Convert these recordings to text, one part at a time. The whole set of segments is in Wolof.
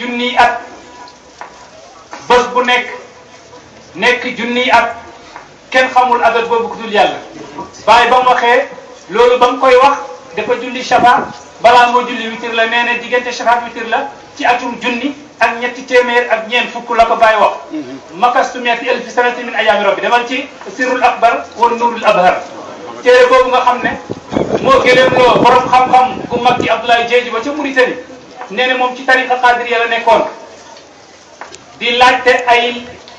junniy at bés bu nekk nekk junniy at kenn xamul adat boobu ku dul yàlla bàyyi ba mu waxee loolu ba koy wax dafa julli shafa balaa moo julli witir la nee ne diggante shafa ak witir la ci atum junni ak ñetti téeméer ak ñeen fukk la ko bàyyi wax makastu miati elfi sanati min ayaami rabbi demal ci sirrul akbar wa nuurul abhar téere boobu nga xam ne moo gëleem loo borom xam-xam ku mag gi Abdoulaye Diedhi ba ca Mauritanie nee na moom ci tariqa xaadiriya la nekkoon di laajte ay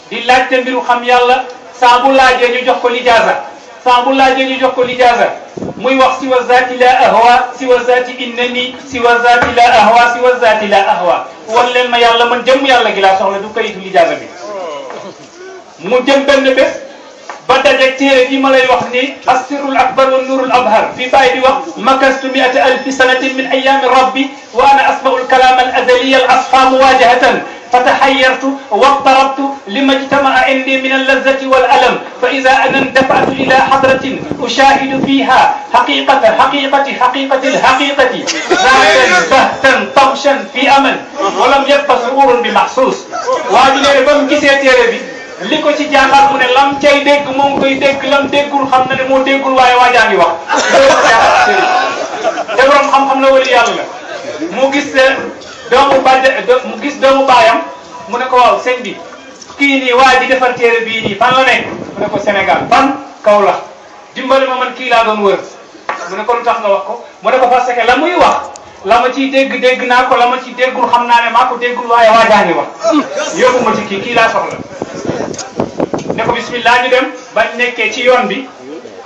di laajte mbiru xam yàlla saa bu laajee ñu jox ko lijaasa saa bu laajee ñu jox ko lijaasa muy wax si wa zaati la ahwa si wa zaati innani si wa zaati la ahwa si wa zaati la ahwa wan leen ma yàlla man jëmm yàlla gi laa soxla du kayitu bi mu jëm benn بعد تيري ما لا يوحني السر الأكبر والنور الأبهر في فائد وقت مكست مئة ألف سنة من أيام ربي وأنا أسمع الكلام الأزلي الأصحى مواجهة فتحيرت واضطربت لما اجتمع عندي من اللذة والألم فإذا أنا اندفعت إلى حضرة أشاهد فيها حقيقة حقيقة حقيقة الحقيقة بهتا طوشا في أمل ولم يبقى شعور بمحسوس وهذه يبقى مكسية يا li ko ci jaaxal mu ne lam cay dégg moom koy dégg lam déggul xam na ne moo déggul waaye waajaa ngi wax te borom xam-xam la wali yàlla mu gis doomu ba mu gis doomu baayam mu ne ko waaw sëñ bi kii nii waa ji defar téere bii nii fan la nekk mu ne ko Sénégal ban kaw la dimbali ma man kii laa doon wër mu ne ko lu tax nga wax ko mu ne ko parce que la muy wax la ma ciy dégg dégg naa ko la ma ci déggul xam naa ne maa ko déggul waaye waajaa wax yóbbu ma ci kii kii laa ne ko bismillah ñu dem ba nekké ci yoon bi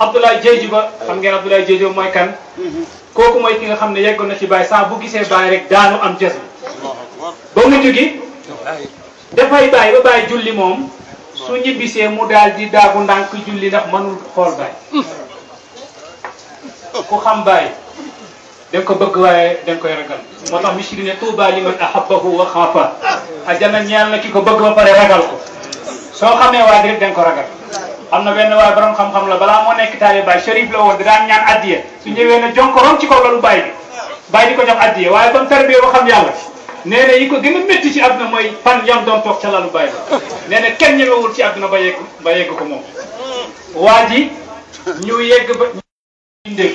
Abdoulaye djéjou ba xam ngeen Abdoulaye djéjou moy kan koku moy ki nga xam ne na ci Baye sa bu gisé Baye rek daanu am jës ba mujj gi dafay Baye ba Baye julli mom su ñibbisee mu dal di daagu ndank julli ndax mënul xol Baye ko xam Baye da ko bëgg waye da koy ragal motax mishri ne Tuubaa liman ahabbahu wa khafa ajana ñaan na kiko bëgg ba pare ragal ko soo xamee waaj rek ko ragal am na benn waaye borom xam-xam la balaa moo nekk taalibe Baay Chérif la woon daan ñaan addiya su ñëwee ne jonkorom ci kaw loolu Baay bi Baay di ko jox addiya waaye ba mu ba xam yàlla nee yi ko gën a métti ci àdduna mooy fan yam doon toog ca lalu Baay ba nee na kenn ñëwewul ci àdduna ba yegg ba yegg ko moom waa ji ñu yegg ba mbindeef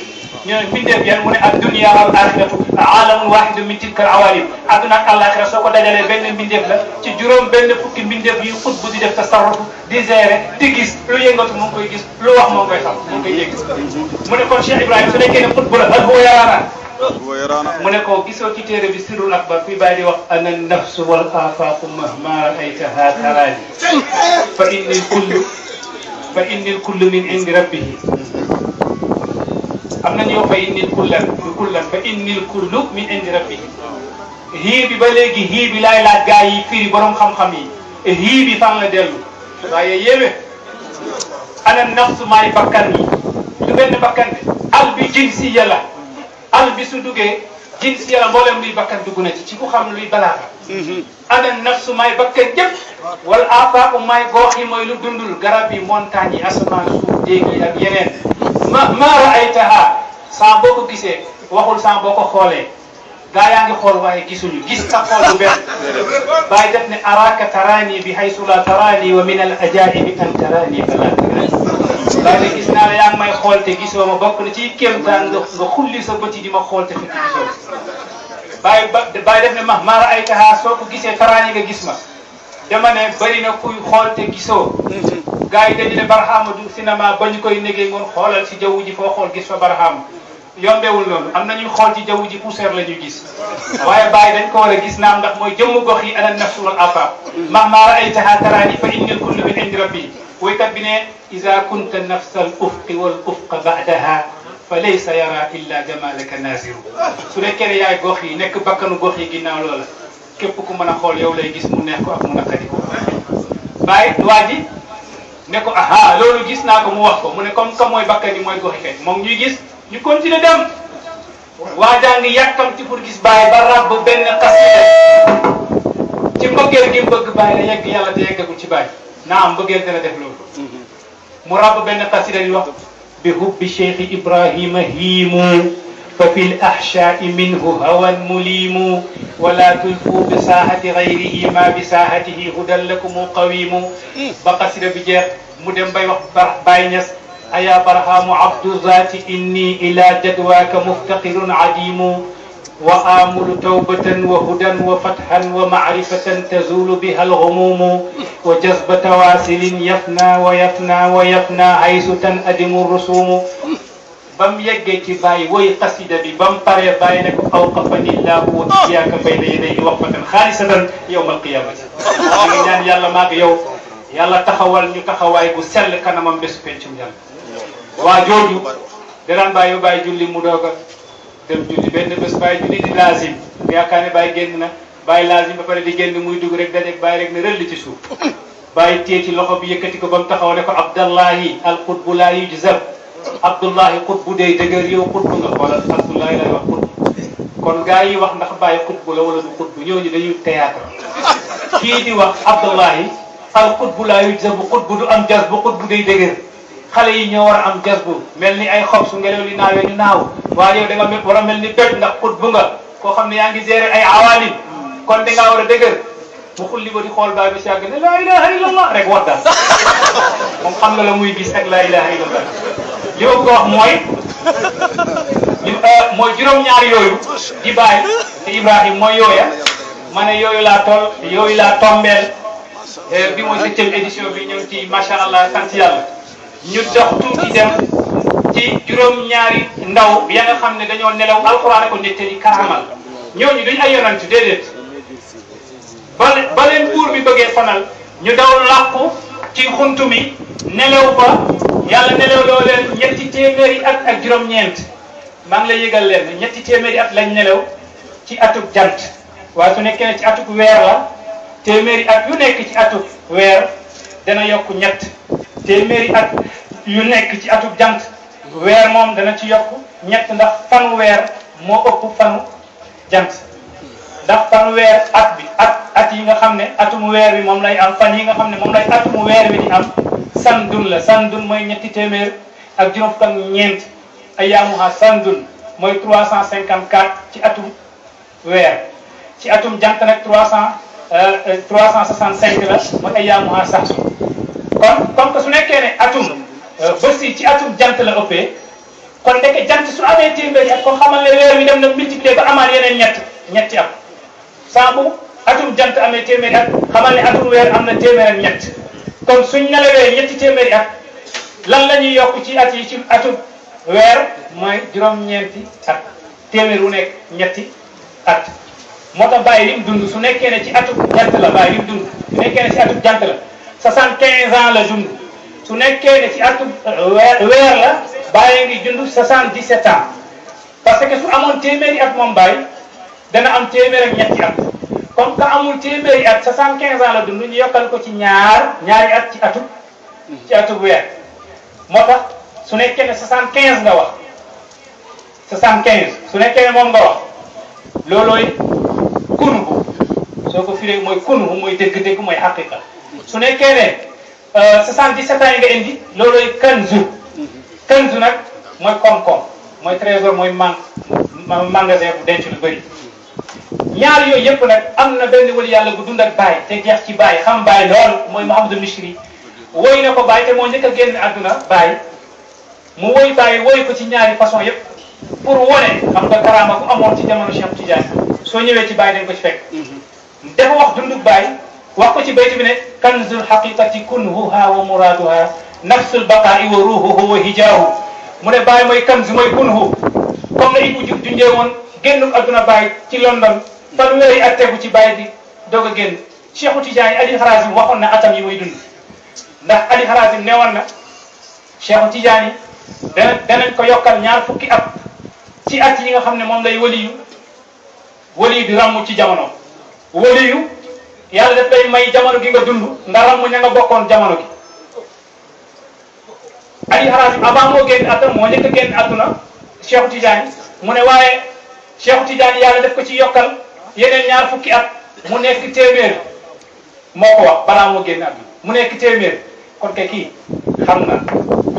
ñoo mbindeef yan mu ne ak dunia wal axiratu alamun waxidu min tilka al awalim adduna ak alaxira soo ko dajalee benn mbindeef la ci juróom benn fukki mbindeef yu xut bu di def tasarrufu di gérer di gis lu yëngatu mu ngi koy gis lu wax moo ngi koy xam mu ngi koy dégg mu ne kon Cheikh Ibrahima su nekkee ne xut bu la hal huwa yaraana mu ne ko gisoo ci téere bi sirrul akbar fi bàyyi di wax ana nafsu wal afaqu mahma raaytaha taraani fa inni kullu fa inni kullu min indi rabbihi am na ñoo fa innil kullan kullan fa innil kullu min indi rabbi hii bi ba léegi hii bi laay laaj gaa yi firi borom xam-xam yi hii bi fan la dellu waaye yéeme ana nafsu maay bakkan yi du benn bakkan bi al jinsi yàlla al su duggee jinsi yàlla mboolem luy bakkan dugg na ci ci ku xam luy balaaga ana nafsu maay bakkan jëpp wala afaaku maay goox yi lu dundul garab yi montagne yi asamaan ak yeneen ma maara ay taxaar saa boo ko gisee waxul saa boo ko xoolee gaa yaa ngi xool waaye gisuñu gis sax xool bu benn bàyyi def ne araaka taraani bi haysu la taraani wa min al ajaa'ibi an taraani fala taraani bàyyi ne gis naa la yaa ngi may xool te gisoo ma bokk na ci kéemtaan nga nga xulli sa bëti di ma xool te fekk gisoo bàyyi ba bàyyi def ne ma maara ay taxaar soo ko gisee taraani nga gis ma dama ne bëri na kuy xol te giso gars dañu ne Barhama du cinéma bañ koy négee ngon xolal ci jaww ji foo xool gis fa Barhama yombewul non am na xol ci jaww ji poussière la gis. waye baye dañ ko wara a gis naam ndax moy jëm gox yi ana nafsu wal afa. ma raaytaha tarani fa inna kullu min indi rabbi way woykat bi ne iza kunta nafsal ufqi wal ufqa ba'daha فليس يرى الا جمالك نازر naziru su nekkee ne yaay gox yi nekk bakkanu képp ku mën a xool yow lay gis mu neex ko ak mu naqari ko bàyyi waa ji ne ko aha loolu gis naa ko mu wax ko mu ne comme comme mooy bakkan yi mooy goxi kay moom ñuy gis ñu continuer dem waa jàng ngi yàkkamti pour gis bàyyi ba ràbb benn xasida ci mbëggeel gi mbëgg bàyyi la yegg yàlla te yeggagul ci bàyyi naam mbëggeel dana def loolu mhm. mu ràbb benn xasida yi wax bi hubbi cheikh ibrahima hiimu ففي الأحشاء منه هوى مليم ولا تلفوا بساحة غيره ما بساحته هدى لكم قويم إيه. بقصر بجيق مدن باي وقت أيا برهام عبد الذات إني إلى جدواك مفتقر عديم وآمل توبة وهدى وفتحا ومعرفة تزول بها الغموم وجذب تواصل يفنى ويفنى ويفنى حيث تنأدم الرسوم بام يجي تي باي وي قصيده بي بام باري باي نك اوقفني الله وياك بين يدي وقفه خالصه يوم القيامه نان يالا ماك يو يالا تخوال ني تخواي بو سل كانمام بس بنتم يالا وا جوجو دران باي باي جولي مودوغا دم جولي بن بس باي جولي دي لازم ياكاني باي генنا باي لازم با بري دي ген موي دوغ رك دالك باي رك ني رلي تي سوف باي تيتي لوخو بي يكتي كو عبد الله القطب لا Abdullahi xutbu day dëgër yow xutbu nga xoolal Abdullahi lay wax xutbu kon gaa yi wax ndax bàyyi xutbu la wala du yow ñooñu dañuy théâtre kii di wax Abdullahi al xutbu la yu jabu xutbu du am jas bu xutbu day dëgër xale yi ñoo war am jas mel ni ay xob su ngelaw li naawee ñu naaw yow da nga war a mel ni doj ndax xutbu nga koo xam ne yaa ngi gérer ay awaalim kon da war a dëgër mu xulli ba di xool baay ba si yàgg ne la muy gis ak laa ilaha li ma ko wax mooy euh, mooy juróom-ñaar yooyu di bàyyi te Ibrahima mooy yooya mane ne yooyu laa toll yooyu laa tombeel euh, bi mooy septième édition bi ñu ci macha allah sant yàlla ñu dox tuuti dem ci juróom-ñaari ndaw ya nga xam ne dañoo nelaw alxuraan ko nettali karaamal ñooñu duñ ay yonantu déedéet ba ba leen buur bi bëggee fanal ñu daw làqu ci xuntu nelaw ba. yàlla nelaw loo leen ñetti téeméeri at ak juróom-ñeent maa lay yëgal leen ñetti téeméeri at lañ nelaw ci atub jant waaye su nekkee ci atub weer la téeméeri at yu nekk ci atub weer dana ñett téeméeri at yu nekk ci atub jant weer moom dana ci yokk ñett ndax fanu weer moo ëpp fanu jant ndax fanu weer at bi at at yi nga xam ne mu weer bi moom lay am fan yi nga xam ne moom lay mu weer bi di am sandun la sandun mooy ñetti téeméer ak juróom fukk ak ñeent ayaamuha sandun mooy 354 ci atum weer ci atum jant nag 300 365 euh, euh, la mooy ayaamuha sax kon comme que su nekkee ne atum euh, bés ci atum jant la ëppee kon ndeke jant su amee téeméeri ak kon xamal ne weer wi dem na multiplier ba amaat yeneen ñett ñetti am saa atum jant amee téeméeri ak xamal ne atum weer am na téeméer ak ñett kon suñ nelawee ñetti téeméeri at lan lañuy yokk ci at yi ci atub weer mooy juróom-ñeenti at téeméer wu nekk ñetti at moo tax bàyyi lim dund su nekkee ne ci atub jant la bàyyi jant la soixante-quinze ans la dund su nekkee ne ci atub weer la bàyyi ngi dund soixante-dix-sept ans parce que su amoon téeméeri at moom bàyyi dana am téeméer ak ñetti at comme que amul téeméeri at 75 ans la dund ñu yokkal ko ci ñaar ñaari at ci atu ci atu weer moo tax su nekkee ne 75 nga wax 75 su nekkee ne moom nga wax loolooy kun soo ko firee mooy kun mooy dëgg-dëgg mooy xaqiqa su nekkee ne 77 euh, ans yi nga indi loolooy kanzu kanzu nag mooy koom-koom mooy trésor mooy man magasin denc lu bëri ñaar yooyu yëpp nag am na benn wali yàlla bu dund ak baay te jeex ci baay xam baay lool mooy Mouhamadou Michri woy na ko baay te moo njëkk a génn àdduna baay mu woy baay woy ko ci ñaari façon yëpp pour wone xam nga karaama ku amoon ci jamono Cheikh Tidiane soo ñëwee ci baay dañ ko ci fekk dafa wax dundug baay wax ko ci bayt bi ne kanzul haqiqati kunhuha wa muraduha nafsul baqaai wa ruhuhu wa hijaahu mu ne baay mooy kanz mooy kunhu comme na ibu jub génn adduna bàyyi ci London fanweeri at tegu ci bàyyi di doog a génn Cheikhu Tidiane Ali Harazim waxoon na atam yi muy dund ndax Ali Harazim ne woon na Cheikhu Tidiane dana danañ ko yokkal ñaar fukki at ci at yi nga xam ne moom lay waliyu waliyu di ràmm ci jamono waliyu yàlla daf lay may jamono gi nga dund nga ràmm ña nga bokkoon jamono gi Ali Harazim avant moo génn atam moo njëkk génn adduna Cheikhu Tidiane mu ne waaye Cheikh Tidiane yàlla def ko ci yokkal yeneen ñaar fukki at mu nekk téeméer moo ko wax balaa moo génn at mu nekk téeméer kon kay kii xam na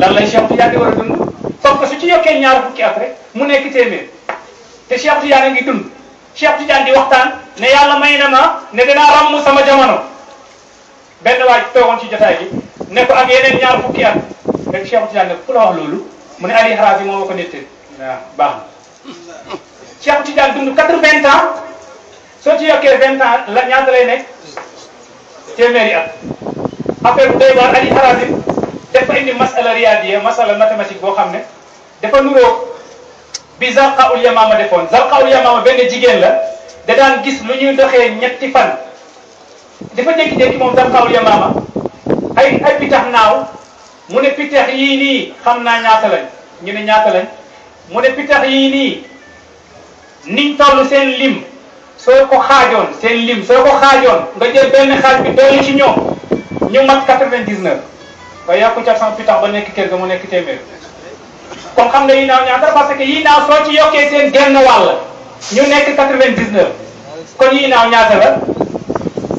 lan lay Cheikh di war a dund comme que ci yokkee ñaar fukki at rek mu nekk téeméer te Cheikh Tidiane a ngi di waxtaan ne yàlla may na ma ne danaa ràmm sama jamono benn waay toogoon ci jotaay bi ne ko ak yeneen ñaar fukki at rek Cheikh Tidiane ne ku loolu mu ne Ali Harazi moo ma ko nettali waaw Cheikh Tidiane dund quatre-vingts ans soo ci yokkee vingt ans la ñaata lay nekk téeméeri at affaire bu doy waar Ali Harazim dafa indi masala riyaadiya masala mathématique boo xam ne dafa nuroo bi Zarqaul Yamama defoon Zarqaul Yamama benn jigéen la da gis lu ñuy doxee ñetti fan dafa jékki-jékki moom Zarqaul Yamama ay ay pitax naaw mu ne pitax yii nii xam naa ñaata lañ ñu ne ñaata lañ mu ne pitax yii nii niñ toll seen lim soo ko xaajoon seen lim soo ko xaajoon nga jël benn xaaj bi dolli ci ñoom ñu mat 99 nga yokk ca cent pitax ba nekk kër ga mu nekk téeméer kon xam nga yi naaw ñaata parce que yi naaw soo ci yokkee seen genn wàll ñu nekk 99 kon yi naaw ñaata la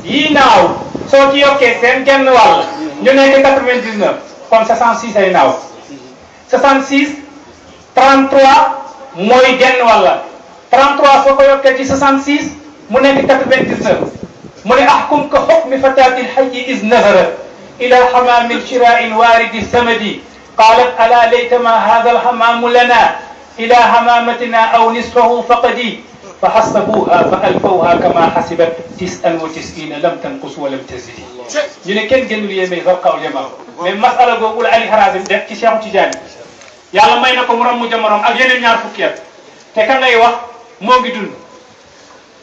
yi naaw soo ci yokkee seen genn wàll ñu nekk 99 kon 66 ay naaw 66 33 mooy genn wàll. 33 فوق يوم كجي 66 من هيك 99 من احكم كحكم فتاة الحي اذ نظرت الى حمام شراء الوارد السمدي قالت الا ليتما هذا الحمام لنا الى حمامتنا او نصفه فقدي فحسبوها فالفوها كما حسبت 99 لم تنقص ولم تزد جينا كان جنو لي مي زرقاء اليوم مي مساله بقول علي حرازم ديك شيخ تجاني يلا ماينا كومرام مجمرام اك يينن نيار فكيات تي كان لاي واخ moo ngi dund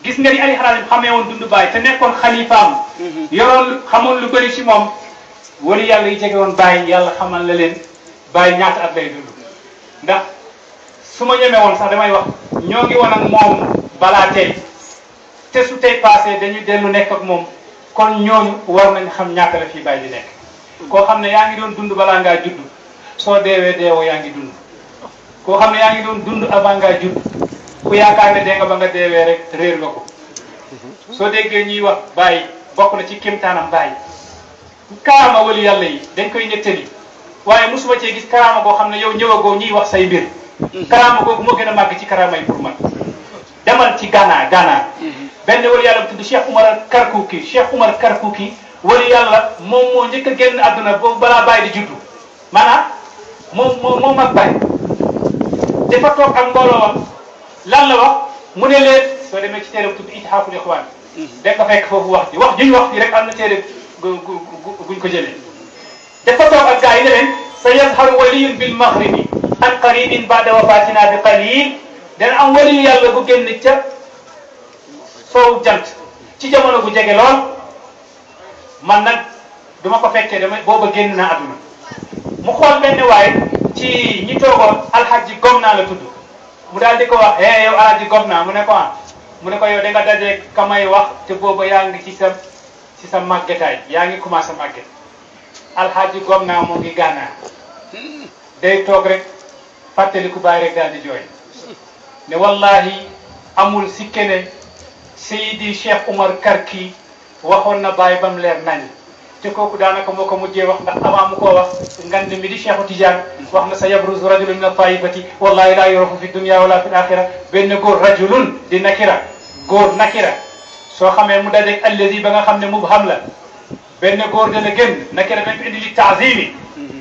gis nga ni Ali Harazim xamee woon dund bàyyi te nekkoon xalifaam mhm. yoroon xamoon lu bëri ci moom wala yàlla yi jege woon bàyyi yàlla xamal la leen bàyyi ñaata at lay dund ndax su ma ñemee woon sax damay wax ñoo ngi woon ak moom balaa tey te su tey passé dañu dellu nekk ak moom kon ñooñu war nañ xam ñaata la fii bàyyi di nekk koo xam ne yaa ngi doon dund balaa ngaa judd soo deewee deewoo yaa ngi dund koo xam ne yaa ngi doon dund avant ngaa judd ku yaakaar ne dee nga ba nga deewee rek réer nga ko soo déggee ñuy wax bàyyi bokk na ci kéemtaanam bàyyi karaama wali yàlla yi dañ koy nettali waaye mosuma cee gis karaama boo xam ne yow ñëwagoo ñuy wax say mbir karaama boobu moo gën a màgg ci karaama yi pour man demal ci Ghana Ghana benn wali yàlla bu tudd Cheikh Umar Karkouki Cheikh Umar Karkouki wali yàlla moom moo njëkk a génn àdduna boobu balaa bàyyi di juddu maanaam moom moom ak bàyyi dafa lan la wax mu ne leen soo demee ci téere tudd Ithaaful Ixwaan da nga fekk foofu wax ji wax ji ñu wax ji rek am na téere gu guñ ko jëlee dafa toog ak gars yi ne leen sa yazharu waliyun bil maghribi an qaribin bi qalil dana am waliyu yàlla bu génn ca soow jant ci jamono bu jege lool man nag duma ko fekkee dama booba génn naa adduna mu xool benn waaye ci ñi toogoon alxaji gom naa la tudd mu daal di ko wax eh yow alaaji Gomna mu ne ko ah mu ne ko yow da nga daje kamay wax te booba yaa ngi ci sa ci sa màggetaay yaa ngi commencé màgget alxaaji Gomna moo ngi gànnaar day toog rek fàttaliku bàyyi rek daal di jooy ne wallahi amul si keneen Seydi Cheikh Umar Karki waxoon na bàyyi ba mu leer nañ te kooku daanaka moo ko mujjee wax ndax avant mu koo wax ngand mi di Cheikhu Tidiane wax na sa yabruzu rajulun min taifati wallahi laa yorofu fi dunia wala fi axira benn góor rajulun di nakira góor nakira soo xamee mu dajeeg alladi ba nga xam ne mubham la benn góor dana génn nakira dañ ko indi li taazimi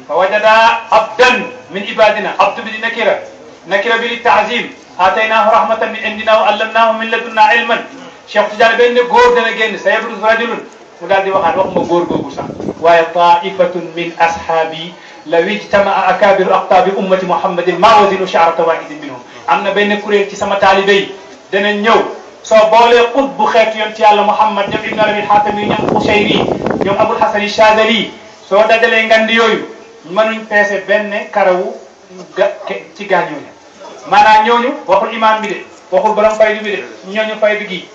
fa wajada abdan min ibadina abdu bi di nakira nakira bi li taazim aataynaahu rahmatan min indina wa allamnaahu min ladunna ilman Cheikhu Tidiane benn góor dana génn sa yabruzu rajulun mu daal di waxaan waxuma góor googu sax waaye taifatun min ashaabi law ijtamaa akabiru aqtaabi ummati muhammadin maa wazinu charata waxidin minhum am na benn kuréel ci sama taalibe yi dana ñëw soo boolee xut bu xeetu yonent yàlla muhammad ñoom ibnu arabi xaatami ñoom xuseyri yi ñoom abul xasan yi yi soo dajalee ngand yooyu mënuñ peese benn karawu ga ci gaañooñu maanaam ñooñu waxul imaam bi de waxul borom faydu bi de ñooñu faydu gii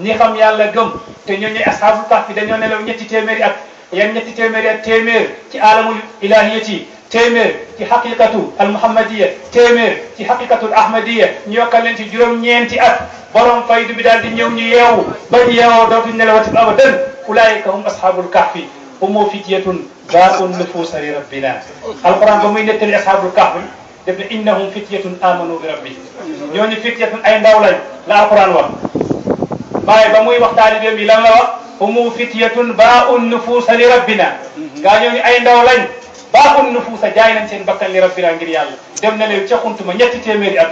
nii xam yàlla gëm te ñooñu asxaabu kahfi dañoo nelaw ñetti téeméeri at yan ñetti téeméeri at téeméer ci alamul ilahiyati téeméer ci xaqiqatu al muhammadiya téeméer ci xaqiqatu al ahmadiya ñu yokkal leen ci juróom-ñeenti at borom faydu daal di ñëw ñu yeewu ba ñu yeewoo dootuñu nelawati ba abadan ulaayika hum asxaabul kahfi humoo fityatun baa'u nufuusa li rabbina alquran ba muy nettali ne innahum fityatun amanu bi rabbihim ñooñu fityatun ay ndaw la alquran wax باي باموي وقت عالي بيومي لما همو فتية باء النفوس لربنا قانيو ني اي ندو لن باء النفوس جاينا سين بكن لربنا انجري يالو دمنا لو تشخون من نيتي تيميري اب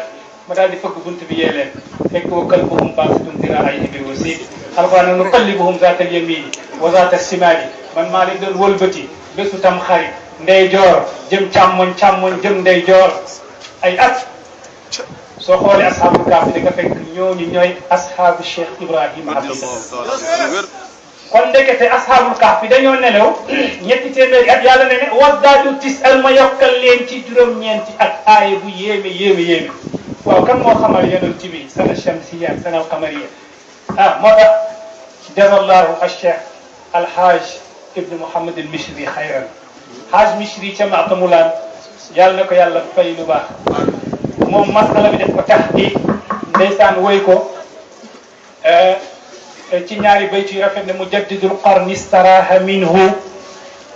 ما دا دي فك بنت بي يلين فك وكل بهم باستون تيرا اي دي بيوسي خلقنا نقلبهم ذات اليمين وذات السمالي من مالي دون ولبتي بسو تم خاري ndey jor jëm chamon chamon jëm ndey jor ay at سوخول اصحاب الكافي ديكا فك نيو ني اصحاب الشيخ ابراهيم عبد الله كون ديكيت اصحاب الكافي دانيو نيلو نيت تيمير ات يالا نيني وداد تيس الما يوكل لين تي جوروم نينتي ات اي بو ييمي ييمي ييمي واو كان مو خمال يدل تي بي سنه شمسيه سنه القمريه اه مو جزا الله الشيخ الحاج ابن محمد المشري خيرا حاج مشري تمع تمولان يالا فاي لو باخ moom masala bi def ko tax di ndeysaan woy ko eh, ci ñaari bayt yu rafet ne mujaddidul qarni istaraha minhu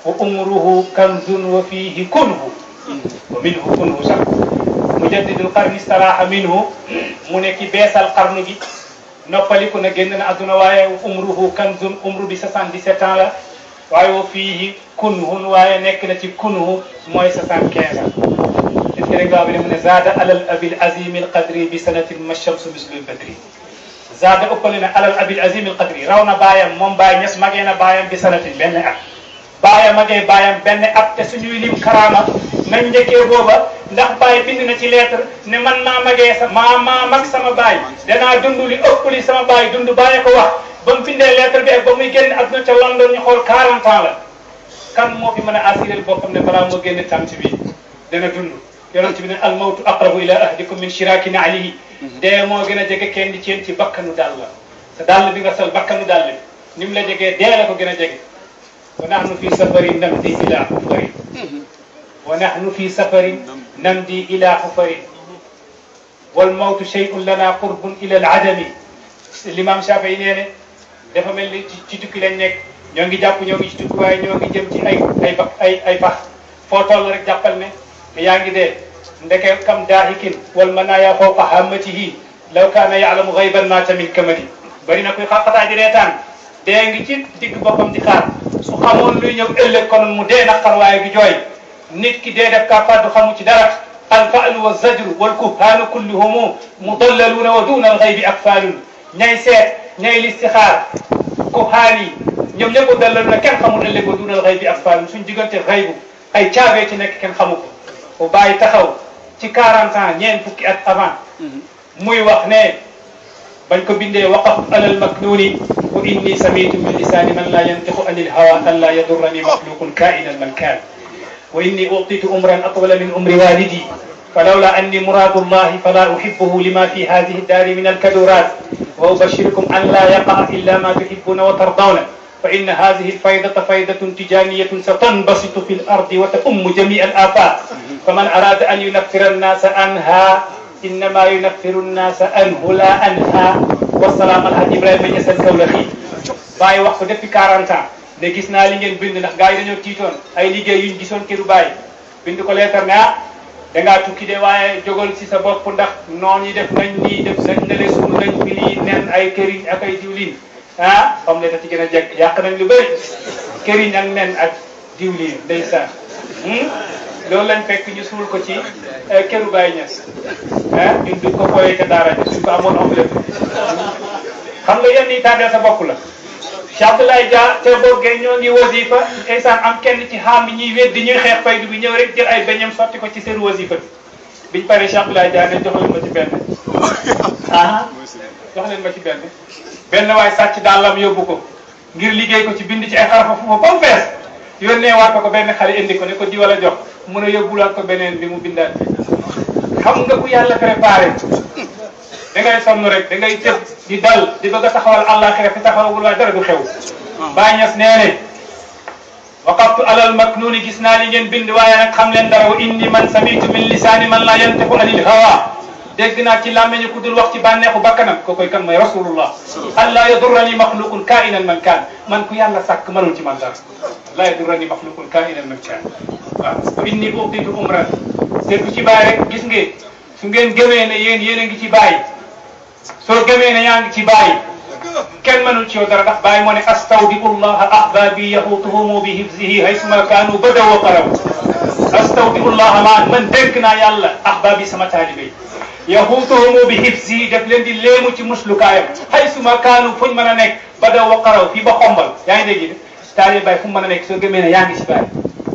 wa umruhu kanzun wa fihi kunhu wa minhu kunhu sax mujaddidul qarni istaraha minhu mu ne ki beesal qarnu gi noppaliku na génn na adduna waaye umruhu kanzun umru bi 77 ans la waaye wa fihi kunhun waaye nekk na ci kunhu mooy 75 ans rek baa bi mu ne zaada alal abil azim al qadri bi sanatin ma shamsu mislul badri zaada ëppale na alal abil azim al qadri raw na baayam moom Baay Ñas magee na baayam bi sanatin benn at baayam magee baayam benn at te suñuy lim karaama nañ njëkkee booba ndax Baay bind na ci lettre ne man maa magee sa maa maa mag sama baay danaa dund li ëpp li sama baay dund bàyyi ko wax ba mu bindee lettre bi ak ba muy génn adduna ca London ñu xool 40 ans la kan moo fi mën a assuré boppam ne balaa moo génn tànt bi dana dund يونس بن الموت اقرب الى احدكم من شراك نعله دي مو غنا جيغي كين دي سين تي بكانو دال سا دال بيغا سال بكانو دال نيم لا جيغي دي لا كو غنا جيغي ونحن في سفر نمضي الى حفر ونحن في سفر نمضي الى حفر والموت شيء لنا قرب الى العدم الامام شافعي نيني دا فا ملي تي تيكي لا نيك نيغي جاب نيغي تي تيكو واي نيغي جيم تي اي اي باك اي اي باك فوتول رك جابال مي ياغي دي ndeke kam daahikin wal manaaya fawqa hammatihi law kaana yaalamu xayban maata min kamadi bari na koy xaqataa di reetaan dee ngi ci digg boppam di xaar su xamoon luy ñëw ëllëg konoon mu dee naqar waaye gi jooy nit ki dee def kàppaat du xamu ci dara alfaalu wa zajru wal kuhaanu kullihumu mudallaluuna wa duuna alxaybi akfaalun ñay seet ñay listixaar kuhaan yi ñoom ñëpp dallalu na kenn xamul ëllëg wa duuna alxaybi akfaalun suñ diggante xaybu ay caabee ci nekk kenn xamu ko bu bàyyi taxaw ci 40 ans ñeent fukki at avant muy wax ne bañ ko bindee waqaf alal maknuni wa inni samitu min lisani man la yantixu anil hawa an la yadurrani maxluqun kainan man kaan wa inni utitu umran atwala min umri walidi فلولا أني مراد الله فلا أحبه لما في هذه الدار من الكدرات وأبشركم أن لا يقع إلا ما تحبون وترضونه فإن هذه الفائدة فائدة تجانية ستنبسط في الأرض وتؤم جميع الآفاق فمن أراد أن ينفر الناس عنها إنما ينفر الناس عنه لا عنها والسلام على إبراهيم بن يسد كولخي باي وقت دفي كارانتا نجيس نالين بند نخجاي رنيو تيتون أي ليجي ينجيسون كيرو باي بند كوليتر نا danga tukki de waye jogol ci sa bop ndax non yi def nañ ni def sañ na les sunu nañ fi li nen ay keri ak ay diwlin ah xam leen na ci gën a jekk yàq nañ lu bëri kër yi ñan nen ak diwlin ndeysaan hmm? loolu lañ fekk ñu suul ko ci eh, këru Baye Niass ah ñun duñ ko fooyee ca daara ko amoon amul xam nga yenn yi tardé sa bokk la Cheikh Abdoulaye Dia te boogee ñoo ngi wasifa ndeysaan am kenn ci xaam yi ñuy weddi ñuy xeex faydu bi ñëw rek jël ay beñam sotti ko ci seen wasifa bi biñ paree Cheikh Abdoulaye Dia ne jox leen ma ci benn ah jox leen ma ci benn benn waay sàcc dàllam yóbbu ko ngir liggéey ko ci bind ci ay xarfa foofa ba mu fees yónnee waat ko ko benn xale indi ko ne ko diwala jox mun a yóbbulaat ko beneen bi mu bindaat xam nga ku yàlla préparé da ngay sonn rek da ngay tëb di dal di bëgg a taxawal àllaaxira fi taxawagul waaye dara du xew. Ah. Baay Ñas nee ne waqaftu alal maknuuni gis naa li ngeen bind waaye nag xam leen dara wa man samitu min lisaani man laa yantiqu anil hawa دغنا تي لامني كودول وقتي بانيخو باكانم كوكاي كان ماي رسول الله الا يضرني مخلوق كائنا من كان من كو يالا ساك مانو تي مانداس لا يضرني مخلوق كائنا من كان فاني اوبيت عمره سيرك تي باي رك غيسغي سونغين غيمي ني يين يينغي تي باي سو غيمي ني يانغي تي باي كان مانو تي ودرا داخ باي موني استودي الله احبابي يهوتهم بهفزه حيث ما كانوا بدوا قرب استودي الله ما من دكنا يالا احبابي سما تاليبي yahuutuhum bi hifsi daf leen di léemu ci muslukaayam xay suma kaanu fuñ mën a nekk ba daw wa xaraw fii ba xombal yaa ngi dégg taalibe Baay fu mu mën a nekk soo gëmee ne yaa ngi si Baay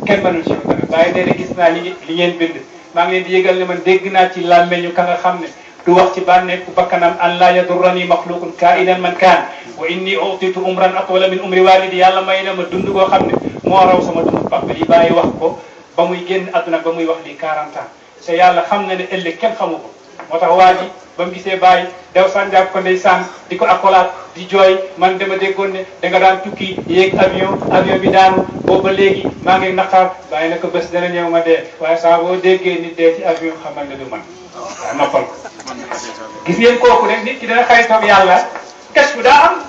kenn mënul si dara Baay nee na gis naa li li ngeen bind maa ngi leen di yëgal ne man dégg naa ci làmmeñu ka nga xam ne du wax ci bànneeku bakkanam an laa yadurrani maxluqun kainan man kaan wa inni utitu umran atwala min umri walidi yàlla may na ma dund koo xam ne moo raw sama dund papa yi Baay wax ko ba muy génn àdduna ba muy wax lii 40 ans te yàlla xam na ne ëllëg kenn xamu ko moo tax waa ji ba gisee bàyyi daw sànjaab ko ndeysaan di ko akolaat di jooy man dama déggoon ne da nga daan tukki yéeg avion avion bi daanu booba léegi maa ngi naqar bàyyi na ko bés dana ñëw ma dee waaye saa boo déggee nit dee ci avion xamal ne du man noppal gis ngeen kooku ne nit ki dana xaritoog yàlla kës bu daa am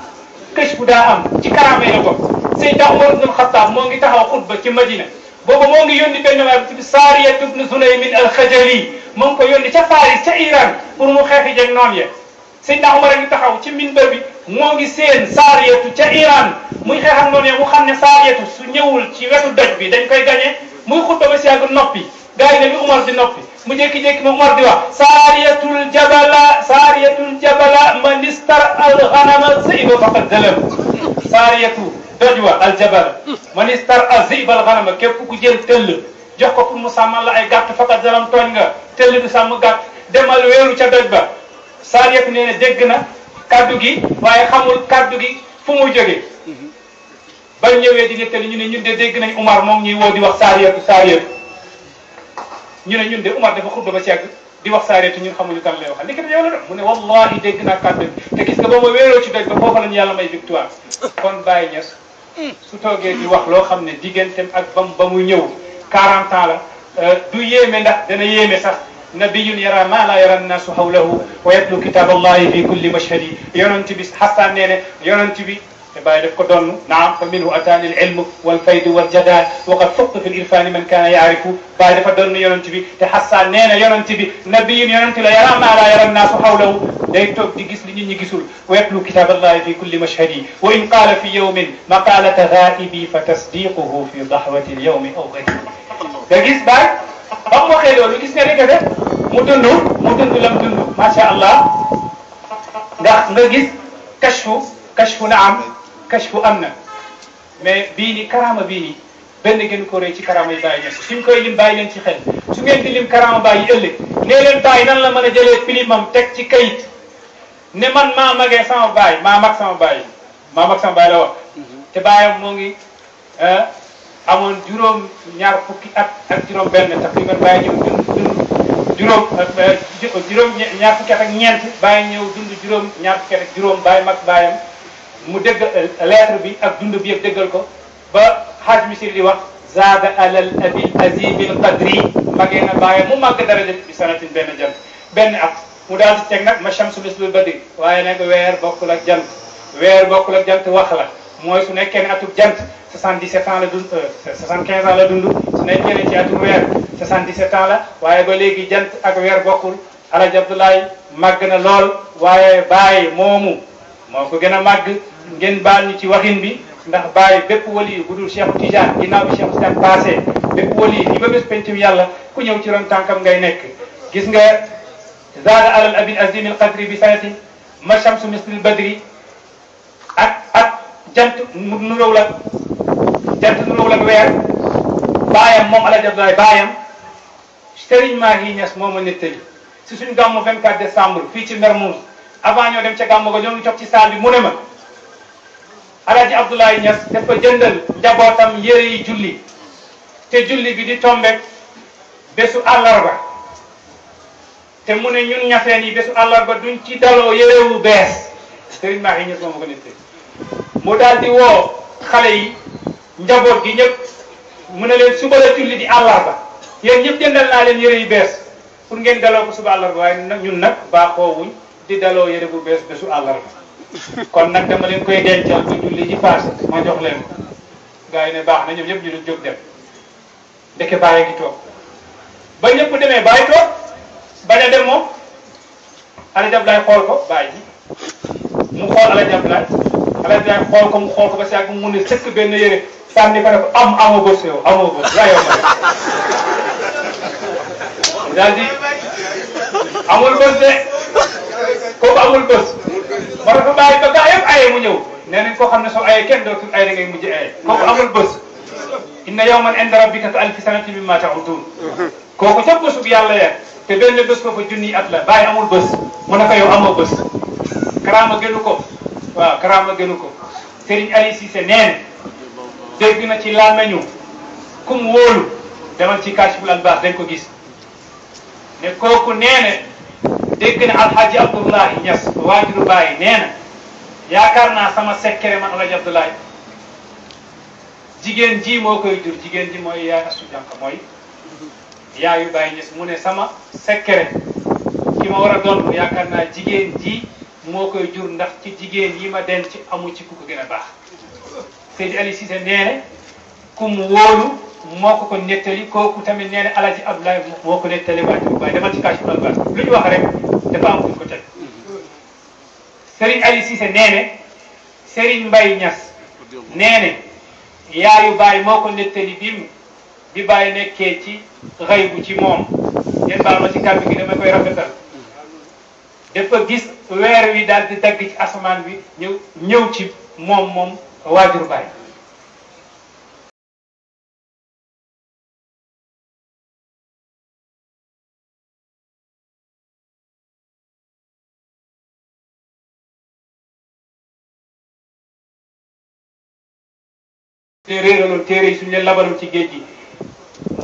kës bu daa am ci karaamee la ko Seydina Umar ibn Xattaab moo ngi taxaw xutba ci Madina boobu moo ngi yónni benn waay bi Saariya ibn Sulaymin al-Xajali mu ngi ca Faris ca Iran pour mu xeexi jeeg noon ya Seydina Umar a ngi taxaw ci minbar bi moo ngi seen Saariyatu ca Iran muy xeex ak noon ya mu xam ne Saariyatu su ñëwul ci wetu doj bi dañ koy gañe muy xutba ba si yàgg noppi gars yi dañu Umar di noppi mu jékki-jékki ma Umar di wax Saariyatul jabala Saariyatul jabala man istar al-ghanama sayba faqad zalam Saariyatu doj wa aljabal man istar azibal xanama képp ku jël tëll jox ko pour mu sàmmal la ay gàtt fakat zalam tooñ nga tëll du sàmm gàtt demal weeru ca doj ba saar ne nee na kàddu gi waaye xamul kàddu gi fu muy jógee ba ñëwee di nettali ñu ne ñun de dégg nañ Umar moom ñuy woo di wax saar yëpp ñu ne ñun de Umar dafa xutba ba ci yàgg di wax saaree te ñun xamuñu kan lay waxal li ki yow la def mu ne wallahi dégg naa kàddu te gis nga ba su toogee di wax loo xam ne digganteem ak bam ba mu ñëw 40 ans la du yéeme ndax dana yéeme sax نبي يرى ما لا يرى الناس حوله ويتلو كتاب الله في كل مشهد mashhadi yonent حسان xasaan nee ne بعد داكو دون نعم فمنه اتاني العلم والفيد والجدال وقد فقت في الإلفان من كان يعرف بعد دا يرن تبي بي تي حسان نينا يونتي بي نبي يونتي لا يرى ما لا يرى الناس حوله داي توك دي غيس لي نيت كتاب الله في كل مشهدي وان قال في يوم مقاله غائبي فتصديقه في ضحوه اليوم او غيره دا بعد باي بام واخي لولو غيس ني ريكا لم مو ما شاء الله دا نغيس كشفو كشف نعم kashfu am na mais bii ni karaama bii ni benn gën ko rëy ci karaama yi bàyyi ñëpp suñ koy lim bàyyi leen ci xel su ngeen di lim karaama bàyyi ëllëg nee leen bàyyi nan la mën a jëlee pilimam teg ci kayit ne man maa magee sama bàyyi maa mag sama bàyyi maa mag sama bàyyi la wax mhm. te bàyyam moo ngi ah, amoon juróom ñaar fukki at ak juróom benn tax li man bàyyi eh, ñëw dund juróom ñaar fukki at ak ñeent bàyyi ñëw dund juróom ñaar fukki ak juróom bàyyi mag bàyyam mu dégg euh, lettre bi ak dund bi yëpp déggal ko ba xaaj misir di wax zaada alal abil azibil qadri magee na bàyye mu màgg daraja bi sanatin benn jant benn at mu daal di teg nag ma chamsu mislul badri waaye nag weer bokkul ak jant weer bokkul ak jant wax la mooy su nekkee ne jant 77 ans la dund 75 euh, ans la dund su nekkee ne ci atub weer 77 ans la waaye ba léegi jant ak weer bokul alaji abdoulaye màgg na lool waaye bàyyi moomu moo ko a màgg ngeen baal ñu ci waxin bi ndax bàyyi bépp wali bu dul Cheikh Tidiane ginnaaw bi Cheikh Tidiane passé bépp wali yi ba bés pencum yàlla ku ñëw ci ron tànkam ngay nekk gis nga zaada alal abil azimil qadri bi sanati ma shamsu mislil badri ak ak jant nuróowul ak jant nuróowul ak weer baayam moom ala jablaay baayam Serigne Mahi Niass moo a nettali si suñu gàmmu 24 décembre fii ci Mermoz avant ñoo dem ca gàmmu ga ñoo ngi toog ci salle bi mu ne ma alhaji abdoulaye ñas ko jëndal njabootam yére yi julli te julli bi di tombe besu àllarba te mu ne ñun ñafeen yi besu àllarba duñ ci daloo yërewu bees sëriñ maaxi ñas mooma ko nette mu daal di woo xale yi njaboot gi ñëpp mu ne leen suba la julli di àllarba yéen ñëpp jëndal naa leen yére yi bees pour ngeen daloo ko suba àllarba waaye ñun nag baaxoowuñ di daloo yére bu bees besu àllarba kon nag dama leen koy dencal ma jox leen ko yi ne baax na ñoom ñëpp ñu doon jóg dem ndeke bàyyi ngi toog ba ñëpp demee bàyyi toog bañ a dem moom ala jab laay xool ko bàyyi ji mu xool ala jab xool ko mu xool ko ba saa benn yére sànni ko daal di amul bës de kooku amul bës. war bu bàyyi ba gaa aye mu ñëw nee koo xam ne soo aye kenn dootul aye da ngay mujj aye kooku amul bës inna yawman inda rabbika ka alfi sanatin mimma ta'udun kooku ca bësub yàlla ya te benn bés ko fa junniy at la amul bës mu ne ko yow amoo bës karaama gënu ko waaw karaama gënu ko Serigne Aliou Cissé nee na dégg na ci làmmeñu kum wóolu demal ci Kashful Albas dañ ko gis ne kooku nee dégg na alxaaji abdullahi ñes waajuru bàyyi nee yaakaar naa sama sekkere man alxaaji abdullahi jigéen ji moo koy jur jigéen ji mooy yaay astu yaayu bàyyi ñes mu ne sama sekkere ki ma war a doon yaakaar naa jigéen ji moo koy jur ndax ci jigéen yi ma ci amu ci ku ko gën a baax Seydi Ali Cissé nee na ku moo ko ko nettali kooku tamit nee na alaji Abdoulaye moo ko nettali waa Diouf waaye dama ñu wax rek dafa am ko teg Serigne Ali Cissé nee na Serigne Mbaye Niass nee na yaayu moo ko nettali bi mu bi nekkee ci xëy bu ci moom ngeen baal ma ci kàddu gi dama koy rafetal dafa gis weer wi daal di dagg ci asamaan bi ñëw ñëw ci moom moom waajur Baye. تيري لو تيري سوني لابرم تيجي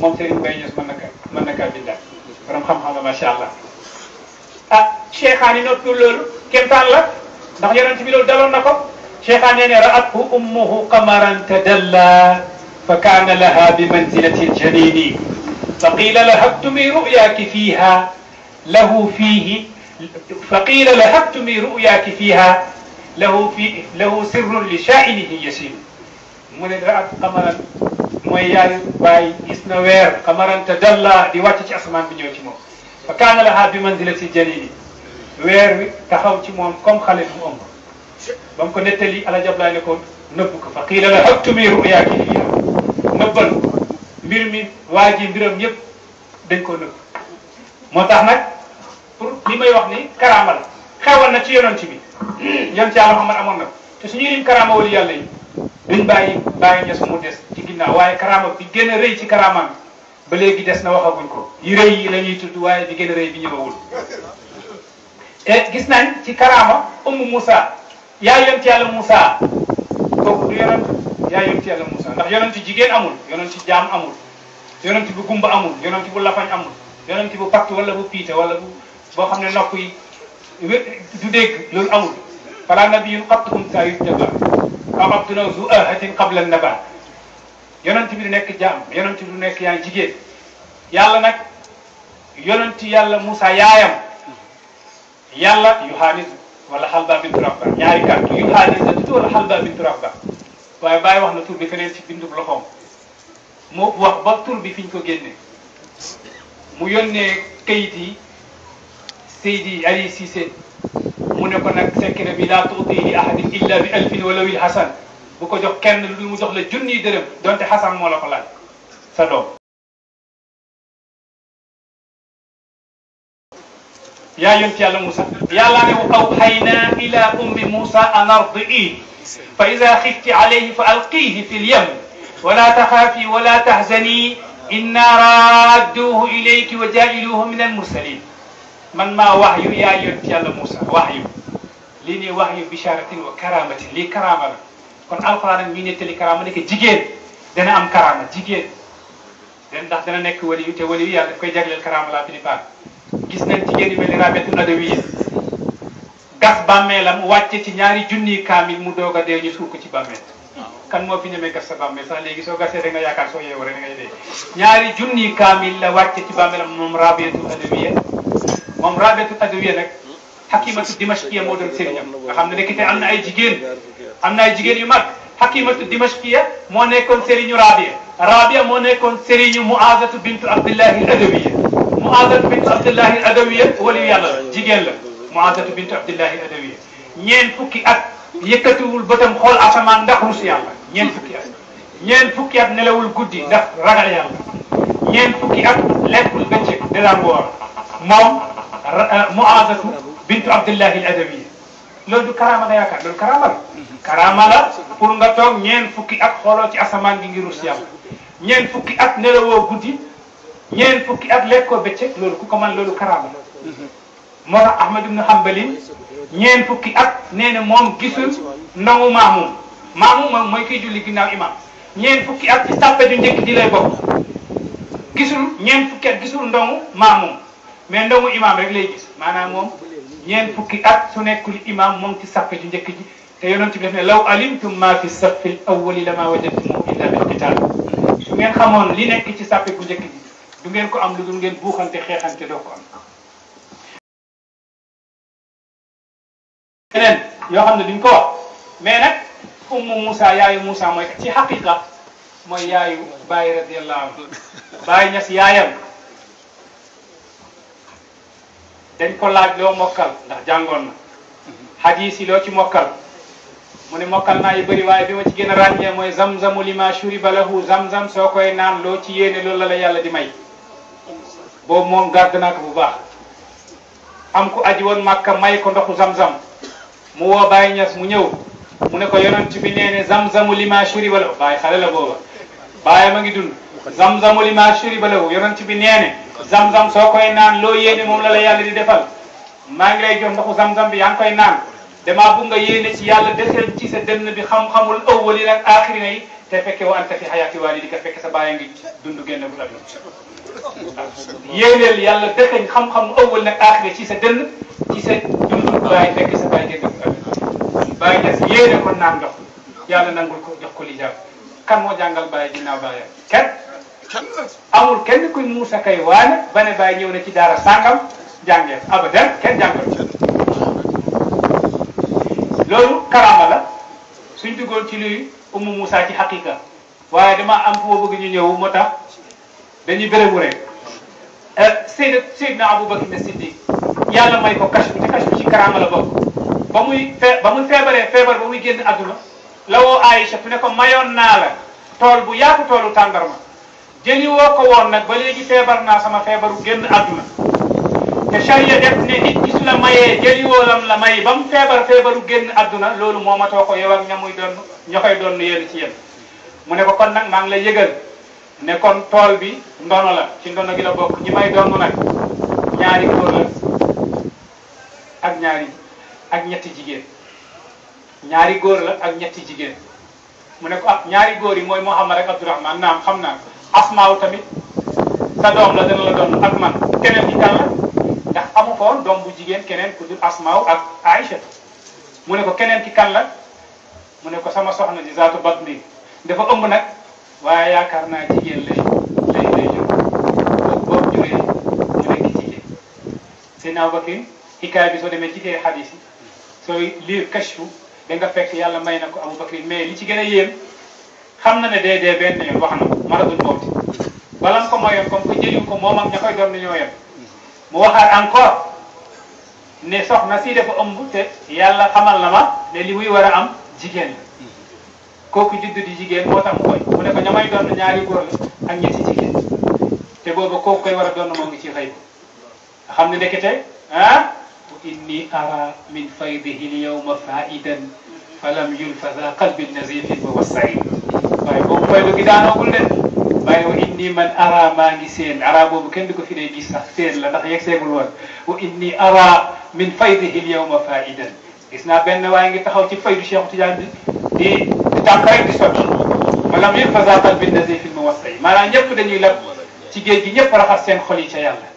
مم سيرين منك منك بيدا برام خم هذا ما شاء الله شيخاني نو تولر كم تالا نخيران تبي لو دالون نكو شيخاني نرأت أمه قمرا تدلى فكان لها بمنزلة الجنين فقيل لها اكتمي رؤياك فيها له فيه فقيل لها اكتمي رؤياك فيها له في له سر لشائنه يسير mu ne dara at mooy yaayu bàyyi gis na weer xamaran te dalla di wàcc ci asamaan bi ñëw ci moom fa kaana laha bi manzilati weer wi taxaw ci moom comme xale bi mu ëmb ba mu ko nettali ala jablaay ne ko nëbb fa xiila la haktumi ruyaaki lii nëbbal mbir mi waa ji mbiram yëpp dañ koo nëbb moo tax nag pour li may wax ni karaama la xewal na ci yonent bi yonent yàlla Muhammad amoon na te suñuy lim karaama wali yàlla yi duñ bàyyi bàyyi ñes des ci ginnaaw waaye karaama bi gën rëy ci karaamaam ba léegi des na waxaguñ ko yi rëy yi la tudd waaye bi gën rëy bi ñëwagul et gis nañ ci karaama umm Moussa yaa yonent yàlla Moussa kooku du yonent yaa yonent yàlla Moussa ndax yonent jigéen amul yonent jaam amul yonent bu gumba amul yonent bu lafañ amul yonent bu pàcc wala bu piite wala boo xam ne nopp yi du dégg loolu amul fala nabiyun qattu saa yu jabal axabtu law zu ahatin qabla nabaat bi du nekk jaam yonent bi du nekk yaa jigéen yàlla nag yonent yàlla Moussa yaayam yàlla Yohanis wala Halba bintu Rabba ñaari kàddu Yohanis la tudd wala Halba bintu Rabba waaye bàyyi wax na tur bi feneen ci bindu loxoom moo wax ba tur bi fi ko génnee mu yónnee kayit yi Seydi Ali Cissé ne ko nag secret bi laa tuutihi ahadin illa bi alfin wala wil hasan bu ko jox kenn lu mu jox la junniy dërëm donte hasan moo la ko laaj sa doom yaa yonent yàlla Moussa yàlla ne wa awxaynaa ila ummi Moussa an ardiihi fa ida xifti alayhi fa alqiihi fi lyam wala taxaafi wala taxzani inna raadduuhu ilayki wa jaa'iluuhu min almursalin man maa wax yu yaa yonent yàlla Moussa wax yu lii nii wax yu bicharatin wa karamatin lii karama la kon alxuraan ak ñuy nettali karama nekk jigéen dana am karama jigéen ndax dana nekk wali yu koy jagleel karama laa fi ni baax gis nañ jigéen yu mel ni rabetu nadawiya gas bàmmeelam wàcce ci ñaari junniy kaamil mu doog a dee ñu suul ko ci bàmmeel kan moo fi ñemee gas sa bàmmeel sax léegi soo gasee da yaakaar soo yeewoo rek da ngay ñaari junniy kaamil la wàcce ci bàmmeelam moom moom Rabiatu Tadawiya nag Hakimatu Dimashqiya moo doon sëriñam nga xam ne nekkite am na ay jigéen am na ay jigéen yu mag Hakimatu Dimashqiya moo nekkoon sëriñu Rabia Rabia moo nekkoon sëriñu Muazatu bintu Abdillahi Adawiya Muazatu bintu Abdillahi Adawiya waliyu yàlla la jigéen la Muazatu bintu Abdillahi Adawiya ñeen fukki at yëkkatiwul bëtam xool asamaan ndax rus yàlla ñeen fukki at ñeen fukki at nelawul guddi ndax ragal yàlla ñeen fukki at lekkul bëccëg di Lamboor moom euh, Muaazatu bintu Abdillahi al Adawiya du karaama nga yaakaar loolu karaama pour nga toog ñeen fukki at xooloo ci asamaan gi ngir rus ñeen fukki at nelawoo guddi ñeent fukki at lekkoo bëccëg loolu ku ko man loolu karaama la. moo tax Ahmad ibnu fukki at nee na moom gisul nangu maamum maamum moom mooy kiy julli ginnaaw imam ñeent fukki at ci tàppe du njëkk di lay gisul ñeent fukki at gisul ndongu maamum mais ndongu imaam rek lay gis maanaam moom ñeent fukki at su nekkul imaam moom ci sappe ju njëkk ji te yonent bi def ne law alimtum maa fi saffi l awwali lama wajadtumu illa bil qital su ngeen xamoon li nekk ci sappe bu njëkk ji du ngeen ko am lu dul ngeen buuxante xeexante doo ko yoo xam ne duñ ko mais nag ummu Moussa yaayu Moussa mooy ci xaqiqa mooy yaayu Baye radiyallahu anhu Baye Ñas yaayam dañ ko laaj loo mokkal ndax jàngoon na xadiis yi loo ci mokkal mu ne mokkal naa yu bëri waaye bi ma ci gën a ràññee mooy zamzamu lima shuriba lahu zamzam soo koy naan loo ci yéene loolu la la yàlla di may boobu moom gàdd naa bu baax am ku aji woon màkka may ko ndoxu zamzam mu woo Baye Ñas mu ñëw mu ne ko yonent bi nee ne zamzamu lima shuriba lahu xale la booba bàyyi ma ngi dund zam-zam li ma shuriba lahu yonent bi nee zam-zam soo koy naan loo yéene moom la yàlla di defal maa ngi lay jox ndoxu zam-zam bi yaa koy naan damaa bugg nga yéene yàlla desal ci sa dënn bi xam-xamul yi te fekke wa anta fi xayaati waalidika sa bàyyi ngi dund génn bu adduna yéeneel yàlla dëkkañ xam ci sa dënn ci sa dund naan ndox yàlla nangul ko jox ko lijaab kan moo jàngal Baye ginnaaw Baye kenn amul kenn kuñ Moussa kay waane ba ne Baye ñëw na ci daara sàngam jàngee abadan kenn jàngal loolu karama la suñ duggoon ci luy umu Moussa ci xaqiqa waaye dama am foo bëgg ñu ñëw moo tax dañuy bérébu rek euh, Seydou Seydina Aboubacar ne Siddiq yàlla may ko kashfu ci kashfu la bokk ba muy fe ba muy feebaree feebar ba muy génn la woo Aïcha fi ne ko mayoon naa la tool bu yaatu toolu tàndarma jëli woo ko woon nag ba léegi feebar naa sama feebaru génn àdduna te charia def ne nit ki la mayee jëli la may ba mu feebar feebaru génn àdduna loolu moomatoo ko yow ak ña muy doon ña koy doon yéen ci yéen mu ne ko kon nag maa ngi lay yëgal ne kon tool bi ndono la ci ndono gi la bokk ñi may doon nag ñaari góor la ak ñaari ak ñetti jigéen ñaari góor la ak ñetti jigéen mu ne ko ah, ñaari góor yi mooy Muhammad ak Abdourahman naam xam naa asmaaw tamit sa doom la dana la doon ak man keneen ki kan ndax amu ko woon doom bu jigéen keneen ku dul asmaaw ak Aïcha mu ne ko keneen ki kan mu ne ko sama soxna di zaatu batni dafa ëmb nag waaye yaakaar naa jigéen lay lay lay jur boobu juree mu nekk jigéen seen Abubakar xikaay bi soo demee ci téere xadiis sooy liir kashfu da nga fekk yàlla may na ko Abu Bakr mais li ci gën a yéem xam na ne dee dee benn yoon wax na maradul mawti balam ko mooyoon comme que jëliw ko moom ak ña koy doon na wax yem mu waxaat encore ne soxna si dafa ëmb te yàlla xamal na ma ne li muy war a am jigéen la kooku juddu di jigéen moo tax mu mu ne ko ña may doon ñaari góor la ak ñetti jigéen te boobu kooku koy war a doon moo ngi ci a xam ne ndekete ah inni ara min faydihi l-yawma faa'idan falam yulfaza qalbi nazifin wa wasain waaye boobu faydu gi daanoogul de waaye wa inni man ara maa ngi seen ara boobu kenn du ko fi dee gis sax seen la ndax yegg seegul woon wa inni ara min faydihi l-yawma faa'idan gis naa benn waaye ngi taxaw ci faydu Cheikh Tidiane bi di di tàmp rek di sotti falam yulfaza qalbi nazifin wa wasain maanaam ñëpp dañuy lab ci géej gi ñëpp raxas seen xol yi ca yàlla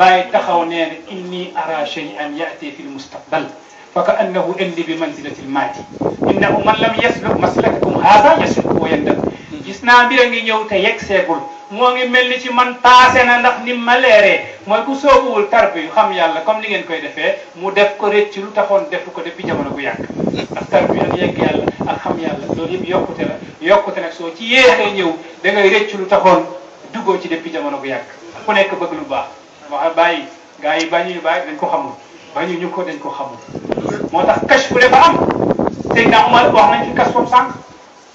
bàyyi taxaw nee na inni ara shay'an ya'ti fi l-mustaqbal fa ka annahu indi bi manzilati l-maati innahu man lam yasluk maslakakum haada yasluk wa yandam gis naa mbir a ngi ñëw te yegg seegul moo ngi mel ni ci man paase na ndax ni ma leeree mooy ku soobuwul tarbi xam yàlla comme ni ngeen koy defee mu def ko rëcc lu taxoon def ko depuis jamono bu yàgg ndax tarbi ak yegg yàlla ak xam yàlla loolu yëpp yokkute yokkute nag soo ci yéexee ñëw da ngay rëcc lu taxoon duggoo ci depuis jamono bu yàgg ku nekk bëgg lu baax waxa bàyyi gars yi bañu ñu bàyyi dañ ko xamul bañu ñu ko dañ ko xamul moo tax kash bu dafa am Seydina Omar wax nañ ci kas foofu sànq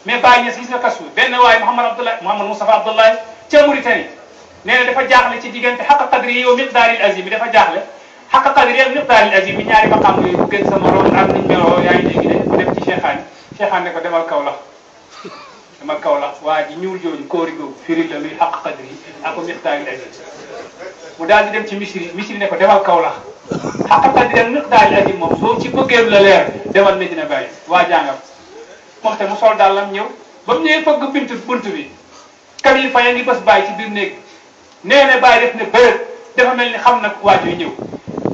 mais bàyyi ñes gis nga kas benn waaye Mouhamad Abdoulaye Mouhamad Moustapha Abdoulaye ca Mauritanie nee na dafa jaaxle ci diggante xaq qadri yow miqdaaril azim dafa jaaxle xaq qadri yow miqdaaril azim ñaari maqam yooyu bu gën sa morom am nañ meloo yaa ngi dégg de mu dem ci Cheikhaan Cheikhaan ne ko demal kaw la demal kaw la waa ji ñuul jooju kóori googu firil la luy xaq qadri ak miqdaaril azim mu daal di dem ci misri misri ne ko demal Kaolack xaqatal di dem nag daal di moom soo ci bëggee la leer demal Medina Baye waa jàngam moxte mu la dàllam ñëw ba mu ñëwee fëgg bint bunt bi kalifa ya ngi bés bàyyi ci biir néeg nee na bàyyi def ne bërëb dafa mel ni xam nag waajoy ñëw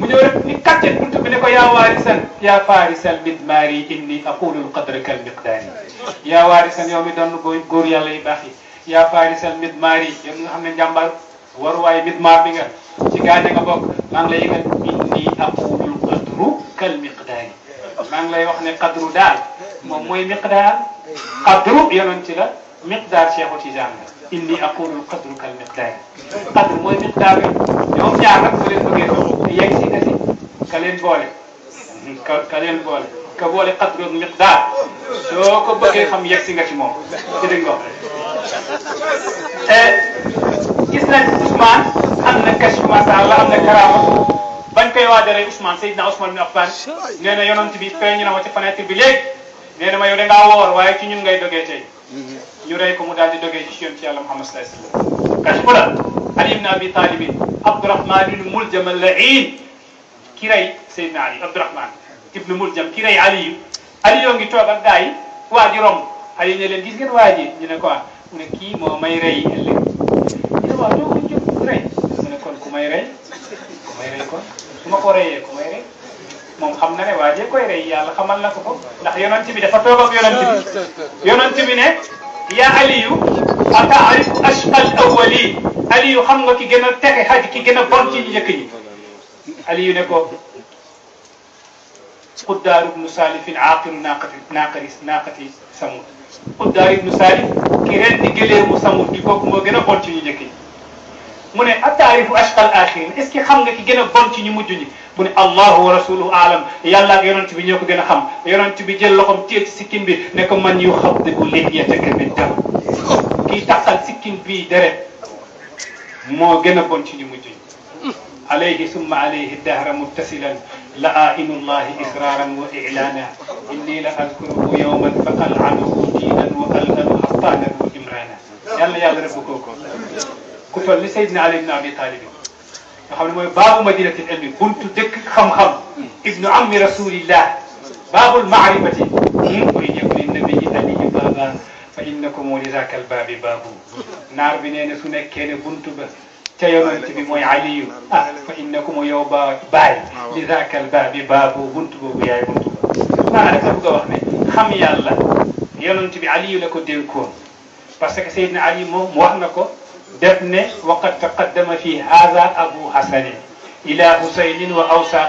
mu ñëw rek ni kàcce bunt bi ne ko yaa waarisan yaa faarisan midmaari inni aqulul qadra kal miqdaari yaa waarisan yow mi doon góor yàlla yu baax yi yaa faarisan midmaari yow mi nga xam ne njàmbaar waruwaay mitmaar bi nga ci gaañ nga bok maa ngi lay yëgal inni aqulul qadru kal miqdar maa ngi lay wax ne qadru dal mom moy miqdar qadru yonon ci la miqdar cheikhou tijaan la inni aqulul qadru kal miqdar qadru moy miqdar bi ñoom ñaar nag bu leen bëggee yegg ci kasi si ka leen boole ka ka leen boole ka boole qadru ak miqdaar soo ko bëggee xam yegg ci nga ci mom ci dëgg ko gis nañ Ousmane am na kàcc macha allah am na karaama bañ koy waajalee Ousmane Seydina Ousmane bin Affan nee na yonent bi feeñ na ma ci fenêtre bi léegi nee na ma yow da ngaa woor waaye ci ñun ngay dogee tey ñu rey ko mu daal di dogee ci yonent yàlla Muhammad sallallahu alayhi wa sallam kàcc bu la Ali ibn Abi Talib Abdurahmanul Muljam al-La'in ki rey Seydina Ali Abdurahman ibn Muljam ki rey Aliyu Aliyu ngi toog ak gaa yi waa ji romb Aliyu ne leen gis ngeen waa ji ñu ne quoi ah, mu ne kii moo may rey ëllëg waaw jóg jóg rey mu ne kon ku may rey ku may rey kon su ma ko reyee ku may rey moom xam na ne waa jee koy rey yàlla xamal na ko ko ndax yonent bi dafa toog ak yonent bi ah, yonent bi ne yaa Aliyu ataarifu ashqal awwalin Aliyu xam nga ki gën a texe xaj ki gën a bon ci njëkk ñi Aliyu ne ko Xuddaar ibnu Saalif aaqiru naaqati naaqari naaqati Samud Xuddaar ibnu Saalif ki ren di gëleemu Samud di kooku moo gën a bon ci ñu njëkk ñi mu ne attaarifu ashqa al axirin est ce que xam nga ki gën a bon ci ñu mujj ñi mu ne allahu wa rasuluhu alam yàlla ak yonent bi ñoo ko gën a xam yonent bi jël loxom téye ci sikkim bi ne ko man yu xabdiku lihyataka min dam kii taxal sikkim bii deret moo gën a bon ci ñu mujj ñi alayhi summa alayhi dahra muttasilan لآئن الله إسرارا وإعلانا إني لأذكره يوما فألعنه دينا وألأن أبطانا وجمرانا يلا يلا ربكوكو ku toll ni Seydina Ali ibn Abi Talib nga xam ne mooy baabu madinatil ilmi buntu dëkk xam-xam ibnu ammi rasulillah baabul maarifati muy yëg li nabii aliyu baaba fa innakum mu lizaakal baabi baabu naar bi nee na su nekkee ne buntu ba ca yonent bi mooy aliyu ah fa innakum mu yow ba baay lizaakal baabi baabu buntu boobu yaay buntu ba maanaam rek la bëgg a wax ne xam yàlla yonent bi aliyu la ko dénkoon parce que Seydina Ali moom wax na ko def وقد تقدم في هذا أبو abu إلى حسين husaynin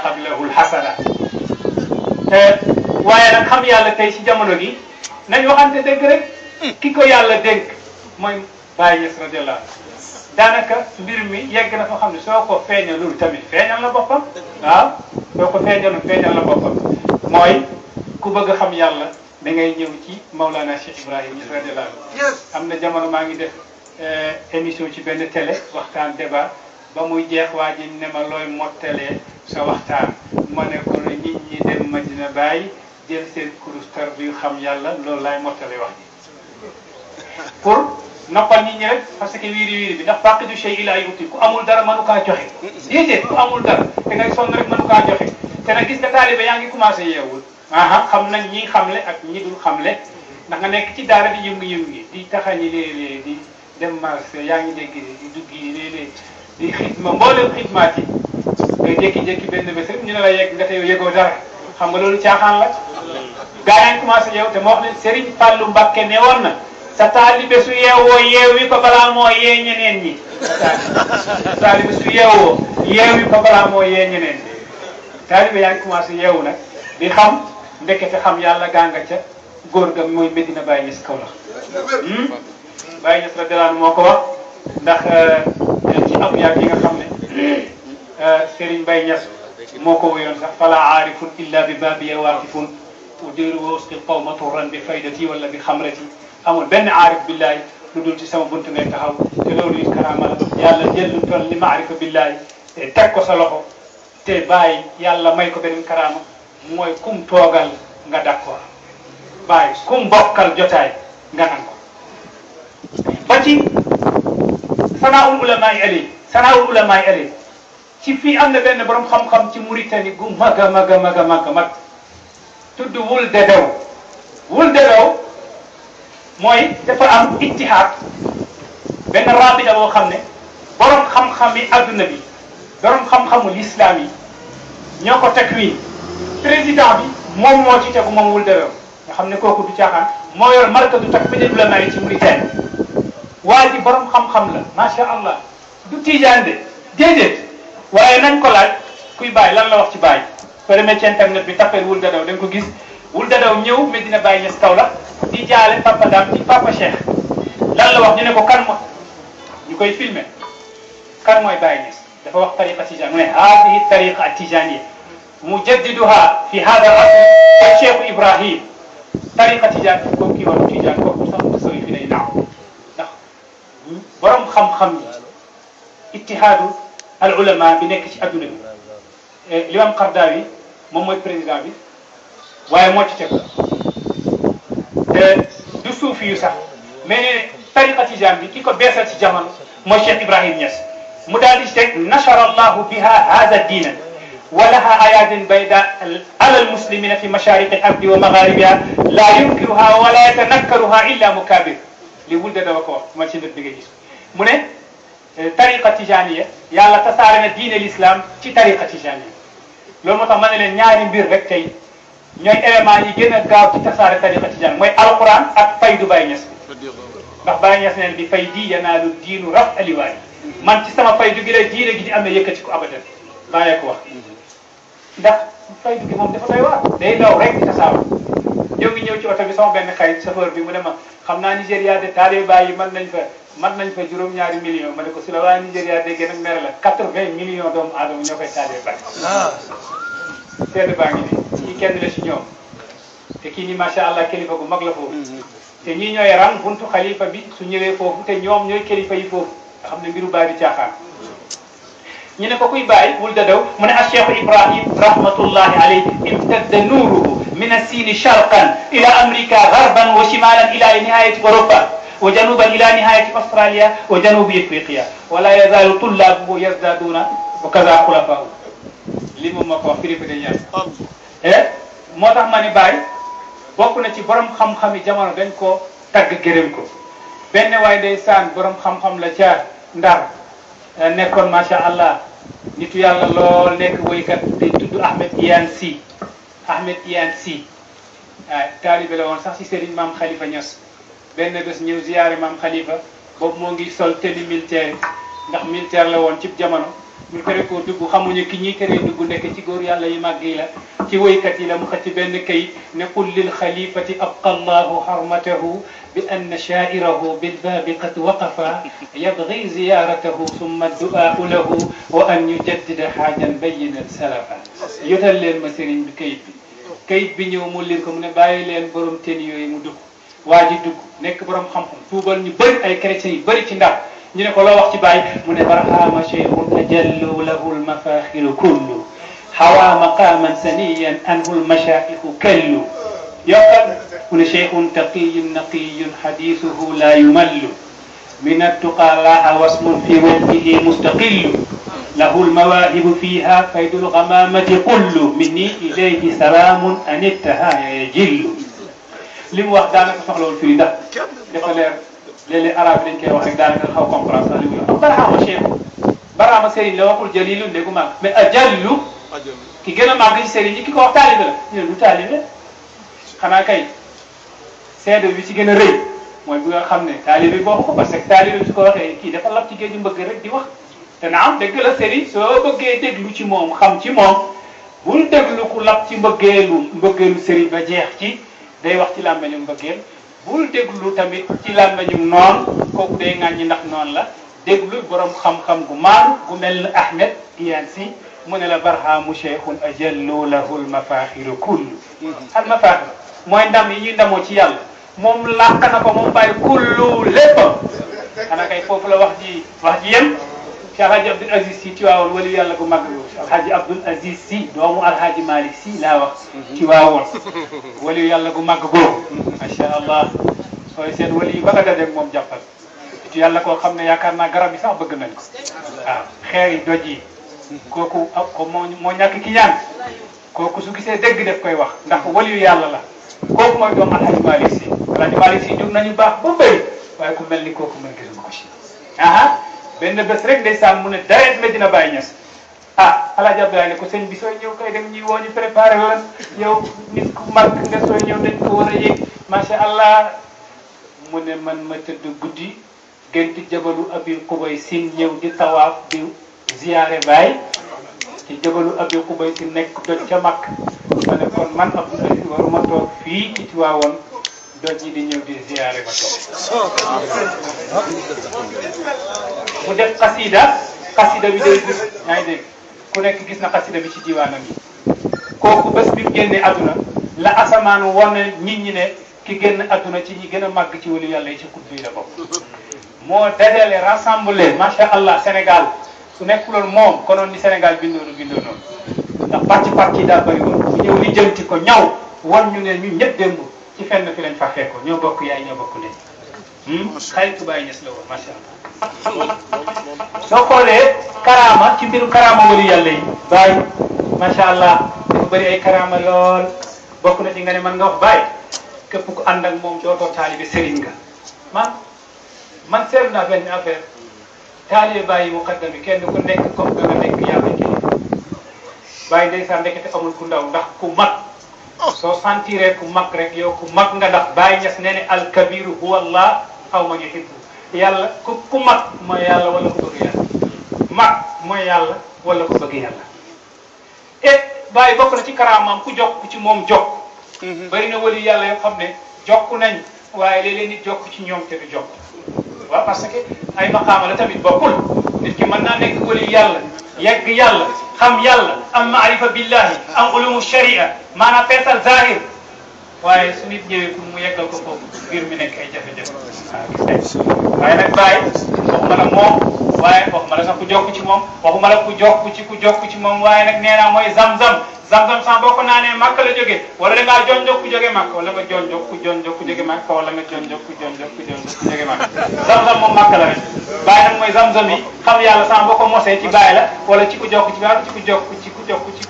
قبله الحسن qablahu lxasana يالا تيسي xam yàlla tey si jamono gi nañ waxante dëgg rek ki ko yàlla dénk mooy Baye Niass radiallahu daanaka mbir mi yegg na fa xam ne soo ko feeñalul tamit feeñal la boppam waaw soo ko feeñalul feeñal la a da ngay ñëw ci Maulana Cheikh Ibrahim yes. radiallahu am na jamono maa ngi def Eh, émission ci benn télé waxtaan débat ba muy jeex waa ji ne ma looy mottalee sa waxtaan ma ne ko ne nit ñi dem Madina Baye jël seen kurus bi yu xam yàlla loolu laay mottalee wax ji pour noppal nit ñi rek parce que wiiri wiiri bi ndax bàq du chey ilaa yuti ku amul dara mënu kaa joxe déedéet ku amul dara te ngay sonn rek mënu kaa joxe te nag gis nga taalibe yaa ngi commencé yeewul aha xam nañ ñi xamle ak ñi dul xamle ndax nga nekk ci daara dem marché yaa ngi dégg dugg yi léeg-léeg di xidma mboolem xidmaat yi nga te yow yëgoo dara xam nga loolu caaxaan la. gaa yi commencé yow te moo wax ne Serigne Fallou Mbacké ne woon na sa taalibe su yeewoo yeewi ko balaa moo yee ñeneen ñi sa taalibe su yeewoo yeewi ko balaa moo yee ñeneen ñi taalibe yaa ngi commencé yeewu nag di xam ndekete xam yàlla gaa nga ca góor ga mooy Medina Baye Niass kaw la. Hmm? Baye Niass radiyallahu anhu moo ko wax ndax euh, ci abyaat yi euh, Serigne Baye Niass moo ko wéyoon sax fala aarifun illa bi baabiya waaqifun udiru wa usqi qawma turran bi faydati wala bi benn aarif billahi ci sama bunt ngay taxaw te ko sa yàlla may ko beneen karaama mooy kum toogal nga d'accord bàyyi kum bokkal jotaay nga nangu ba ci sanaaul ulama yi ali sanaaul ulama ci fii am na benn borom xam-xam ci Mauritanie gu mag a mag a mag a mag tudd wul dedew wul dedew mooy dafa am ittihaad benn rabida boo xam ne borom xam-xam yi adduna bi borom xam-xamu lislaam yi ñoo ko teg wii président bi moom moo ci tegu moom wul dedew nga xam ne kooku du caaxaan moo yor markadu takfidul ulama ci Mauritanie waa ji borom xam-xam la macha allah du tiijaan de déedéet waaye nañ ko laaj kuy bàyyi lan la wax ci bàyyi. soo demee ci internet bi tapeel wul dadaw da ko gis wul dadaw ñëw Medina Baye Niass kaw la di jaale papa daam ci papa Cheikh lan wax ñu ne ko kan mooy ñu koy filmer kan dafa wax tariqa tijaan mu ne haadihi tariqa tijaaniyya mujaddiduha fi haada al asr Cheikh Ibrahim tariqa tijaan kooku xam-xam yi ittihaadu al ulama bi nekk ci adduna bi limam Xardaawi moom mooy président bi waaye moo ci teg du suufi yu sax mais nee tariqa tijaan bi ki ko beesal ci jamono mooy Cheikh Ibrahim Niass mu daal di teg nachara allahu biha hada diina ولها آيات بيضاء على المسلمين في مشارق الأرض ومغاربها لا ينكرها ولا يتنكرها إلا مكابر لولد دوكو ما تشد بيجي mu ne euh, tariqa tijaniya yàlla tasaare na diine l'islam ci tariqa tijaniya loo moo tax ma ne leen ñaari mbir rek tey ñooy élément yi gën a gaaw ci tasaare tariqa tijaniya mooy alquran ak faydu Baye Niass ndax Baye Niass neen bi fay di yanaalu diinu raf aliwaay man ci sama faydu gi la diine gi di am na yëkkati ko abadan bàyyee ko wax ndax faydu gi moom dafa doy waar day daw rek di tasaaro ñoo ngi ñëw ci oto bi sama benn xarit chauffeur bi mu ne ma xam naa Nigéria de taalibe yi mën nañ mat nañ fa juróom-ñaari million ma ne ko su la waa Nigéria dégg nag mère la quatre-vingts millions doomu aadama ñoo koy taadee bari seede baa ngi ni ci kenn la si ñoom te kii ni macha allah kilifa gu mag la foofu te ñii ñooy ran buntu xalifa bi su ñëwee foofu te ñoom ñooy kilifa yi foofu nga xam ne mbiru baay bi caaxaan ñu ne ko kuy bàyyi wul da daw mu ne acheikhu ibrahim rahmatullahi alayhi imtadda nuruhu min assini sharqan ila amrika garban wa shimalan ila nihayati europa wa januban ila nihayati australia wa janubi ifriqiya wala yazalu tullaabu yazdaduuna wa kaza xulafaahu li moom moo ko wax firiba de ñaar e eh? moo tax ma ni Baye bokk na ci borom xam-xami jamono dañ ko tagg gërëm ko benn waay ndeysaan borom xam-xam la ca ndar eh, nekkoon macha allah nitu yàlla lool nekk woykat day tudd Ahmed Iyane Sy Ahmed Iyane Sy waaw eh, taalibe la woon sax si Serigne Maam Khalifa Niass benn bés ñëw ziyaare maam xalifa boobu moo ngi sol tenue militaire ndax militaire la woon ci jamono ñu tere koo dugg xamuñu ki ñuy tere dugg nekk ci góor yàlla yi màgg yi la ci woykat yi la mu xëcc benn kayit ne qul lil xalifati abqa allahu xarmatahu bi ann shairahu bilbaabi qad waqafa yabgi ziyaratahu summa duaau lahu wa an yujaddida xaajan bayinan salafa yutal leen ma sëriñ bi kayit bi kayit bi ñëw mu lir ko mu ne bàyyi leen borom tenue yooyu mu dugg waji dug nek borom xam-xam tuubal ñu bari ay chrétiens yu bari ci ndax ñu ne ko lo wax ci bay mu ne barhama shaykhun tajallu lahu al mafakhir kullu hawa maqaman saniyan anhu al lmashaaihu kallu يقل كل shaykhun تقي نقي hadithuhu la yumallu من التقى لها واسم في وجهه مستقل له المواهب فيها فيد الغمامة كل مني إليه سلام أن التهايا يجل li mu wax daanaka soxlawul firi ndax dafa leer léeg-léeg arab dañ koy wax rek daanaka xaw comprendre sax li muy wax baraama cheikh baraama sëriñ la waxul jalilu ndegu mag mais ajallu ki gën a màgg ci sëriñ yi ki ko wax taalibe la ñu ne du taalibe xanaa kay seede bi ci gën a rëy mooy bi nga xam ne taalibe boo ko parce que taalibe su ko waxee kii dafa lab ci géeju mbëgg rek di wax te naam dëgg la sëriñ soo bëggee déglu ci moom xam ci moom bul déglu ku lab ci mbëggeelu mbëggeelu sëriñ ba jeex ci day wax ci làmmiñu mbëggeel bul déglu tamit ci làmmiñu noon kooku day ŋàññi ndax noon la déglu borom xam-xam gu maanu gu mel ni Ahmed Iyaan si mu ne la barhaamu cheikhun ajallu lahu almafaaxiru kullu almafaaxir mooy ndam yi ñuy ndamoo ci yàlla moom làq na ko moom bàyyi kullu léppam xanaa kay foofu la wax ji wax ji yem Cheikh Abdou Aziz si Tiwaawoon wali yàlla gu mag alxaaji Abdoul Aziz si doomu alxaaji Malick si laa wax ci waawoon waliyu yàlla gu màgg góobu macha allah sooy seen wali yu ba nga dajeeg moom jàppal ci yàlla koo xam ne yaakaar naa garab yi sax bëgg nañ ko xeer yi doj yi kooku ah, ko moo moo ñàkk ki ñaan kooku su gisee dégg def koy wax ndax waliyu yàlla la kooku mooy doomu alxaaji Malick si alxaaji Malick si jur nañu baax ba bëri waaye ku mel ni kooku mën gisuma ko si aha benn bés rek ndeysaan mu ne dareet Medina ah alaja bayani ko señ bi soy ñew kay dem ñi woñu préparer la yow nit ku mag nga soy ñew dañ ko wara yek ma sha Allah mu ne man ma teud guddi gënt jabalu abi qubay sin ñew di tawaf di ziaré bay ci jabalu abi qubay sin nek do ca mak ma ne kon man abdou ali waruma tok fi ci tiwawon do ci di ñew di ziaré ba tok mu def qasida qasida bi day def ñay ku nekk gis na xasida bi ci diiwaanam yi kooku bés bi mu génnee àdduna la asamaan woon na nit ñi ne ki génn àdduna ci ñi gën a màgg ci wàllu yàlla yi ci kutb yi la bokk moo dajale rassemblé macha allah Sénégal su nekkuloon moom konoon ni Sénégal bindoonu bindoonu ndax pàcc pàcc yi daa bëri ñëw li jënti ko ñaw wan ñu ne ñu ñëpp démb ci fenn fi lañ fa fekkoon ñoo bokk yaay ñoo bokk ne xaytu bàyyi ñes la woon macha allah soo xoolee karaama ci mbiru karaama wali yàlla yi bàyyi macha allah dafa bëri ay karaama lool bokk na ci nga ne man nga wax bàyyi képp ku ànd ak moom dootoo taalibi sëriñ nga man man seetlu naa benn affaire taalibe bàyyi muqaddam yi kenn ku nekk comme que nga nekk yàlla kii bàyyi ndeysaan ndekete amul ku ndaw ndax ku mag soo sentiree ku mag rek yow ku mag nga ndax bàyyi ñas nee ne al kabiru huwa allah aw ma xibbu yàlla ku ku mag mooy yàlla wala ku bëgg yàlla mag mooy yàlla wala ku bëgg yàlla et bàyyi bokk na ci karaamaam ku jokk ci moom jokk mhm. bari na wali yàlla yoo xam ne jokk nañ waaye léeg-léeg nit jokk ci ñoom te du jokk waaw parce que ay maqaama la tamit bokkul nit ki mën naa nekk wali yàlla yegg yàlla xam yàlla am maarifa billahi am ulumu sharia maanaam feesal zahir waaye su nit ñëwee pour mu yeggal ko foofu ngir mi nekk ay jafe-jafe waaw gis nañ waaye nag bàyyi waxuma la moom waaye waxuma la sax ku jokk ci moom waxuma la ku jokk ci ku jokk ci moom waaye nag nee naa mooy zam-zam zam bokk sax boo ko naanee màkk wala da ngaa jonjox ku jógee màkk wala nga jonjox ku jonjox ku nga jonjox ku jonjox ku jonjox ku jógee màkk zam-zam moom màkk la rek bàyyi nag mooy zam-zam yi xam yàlla sax boo ko mosee ci bàyyi la wala ci ku jokk ci bàyyi ci ku jokk ci ku jokk ci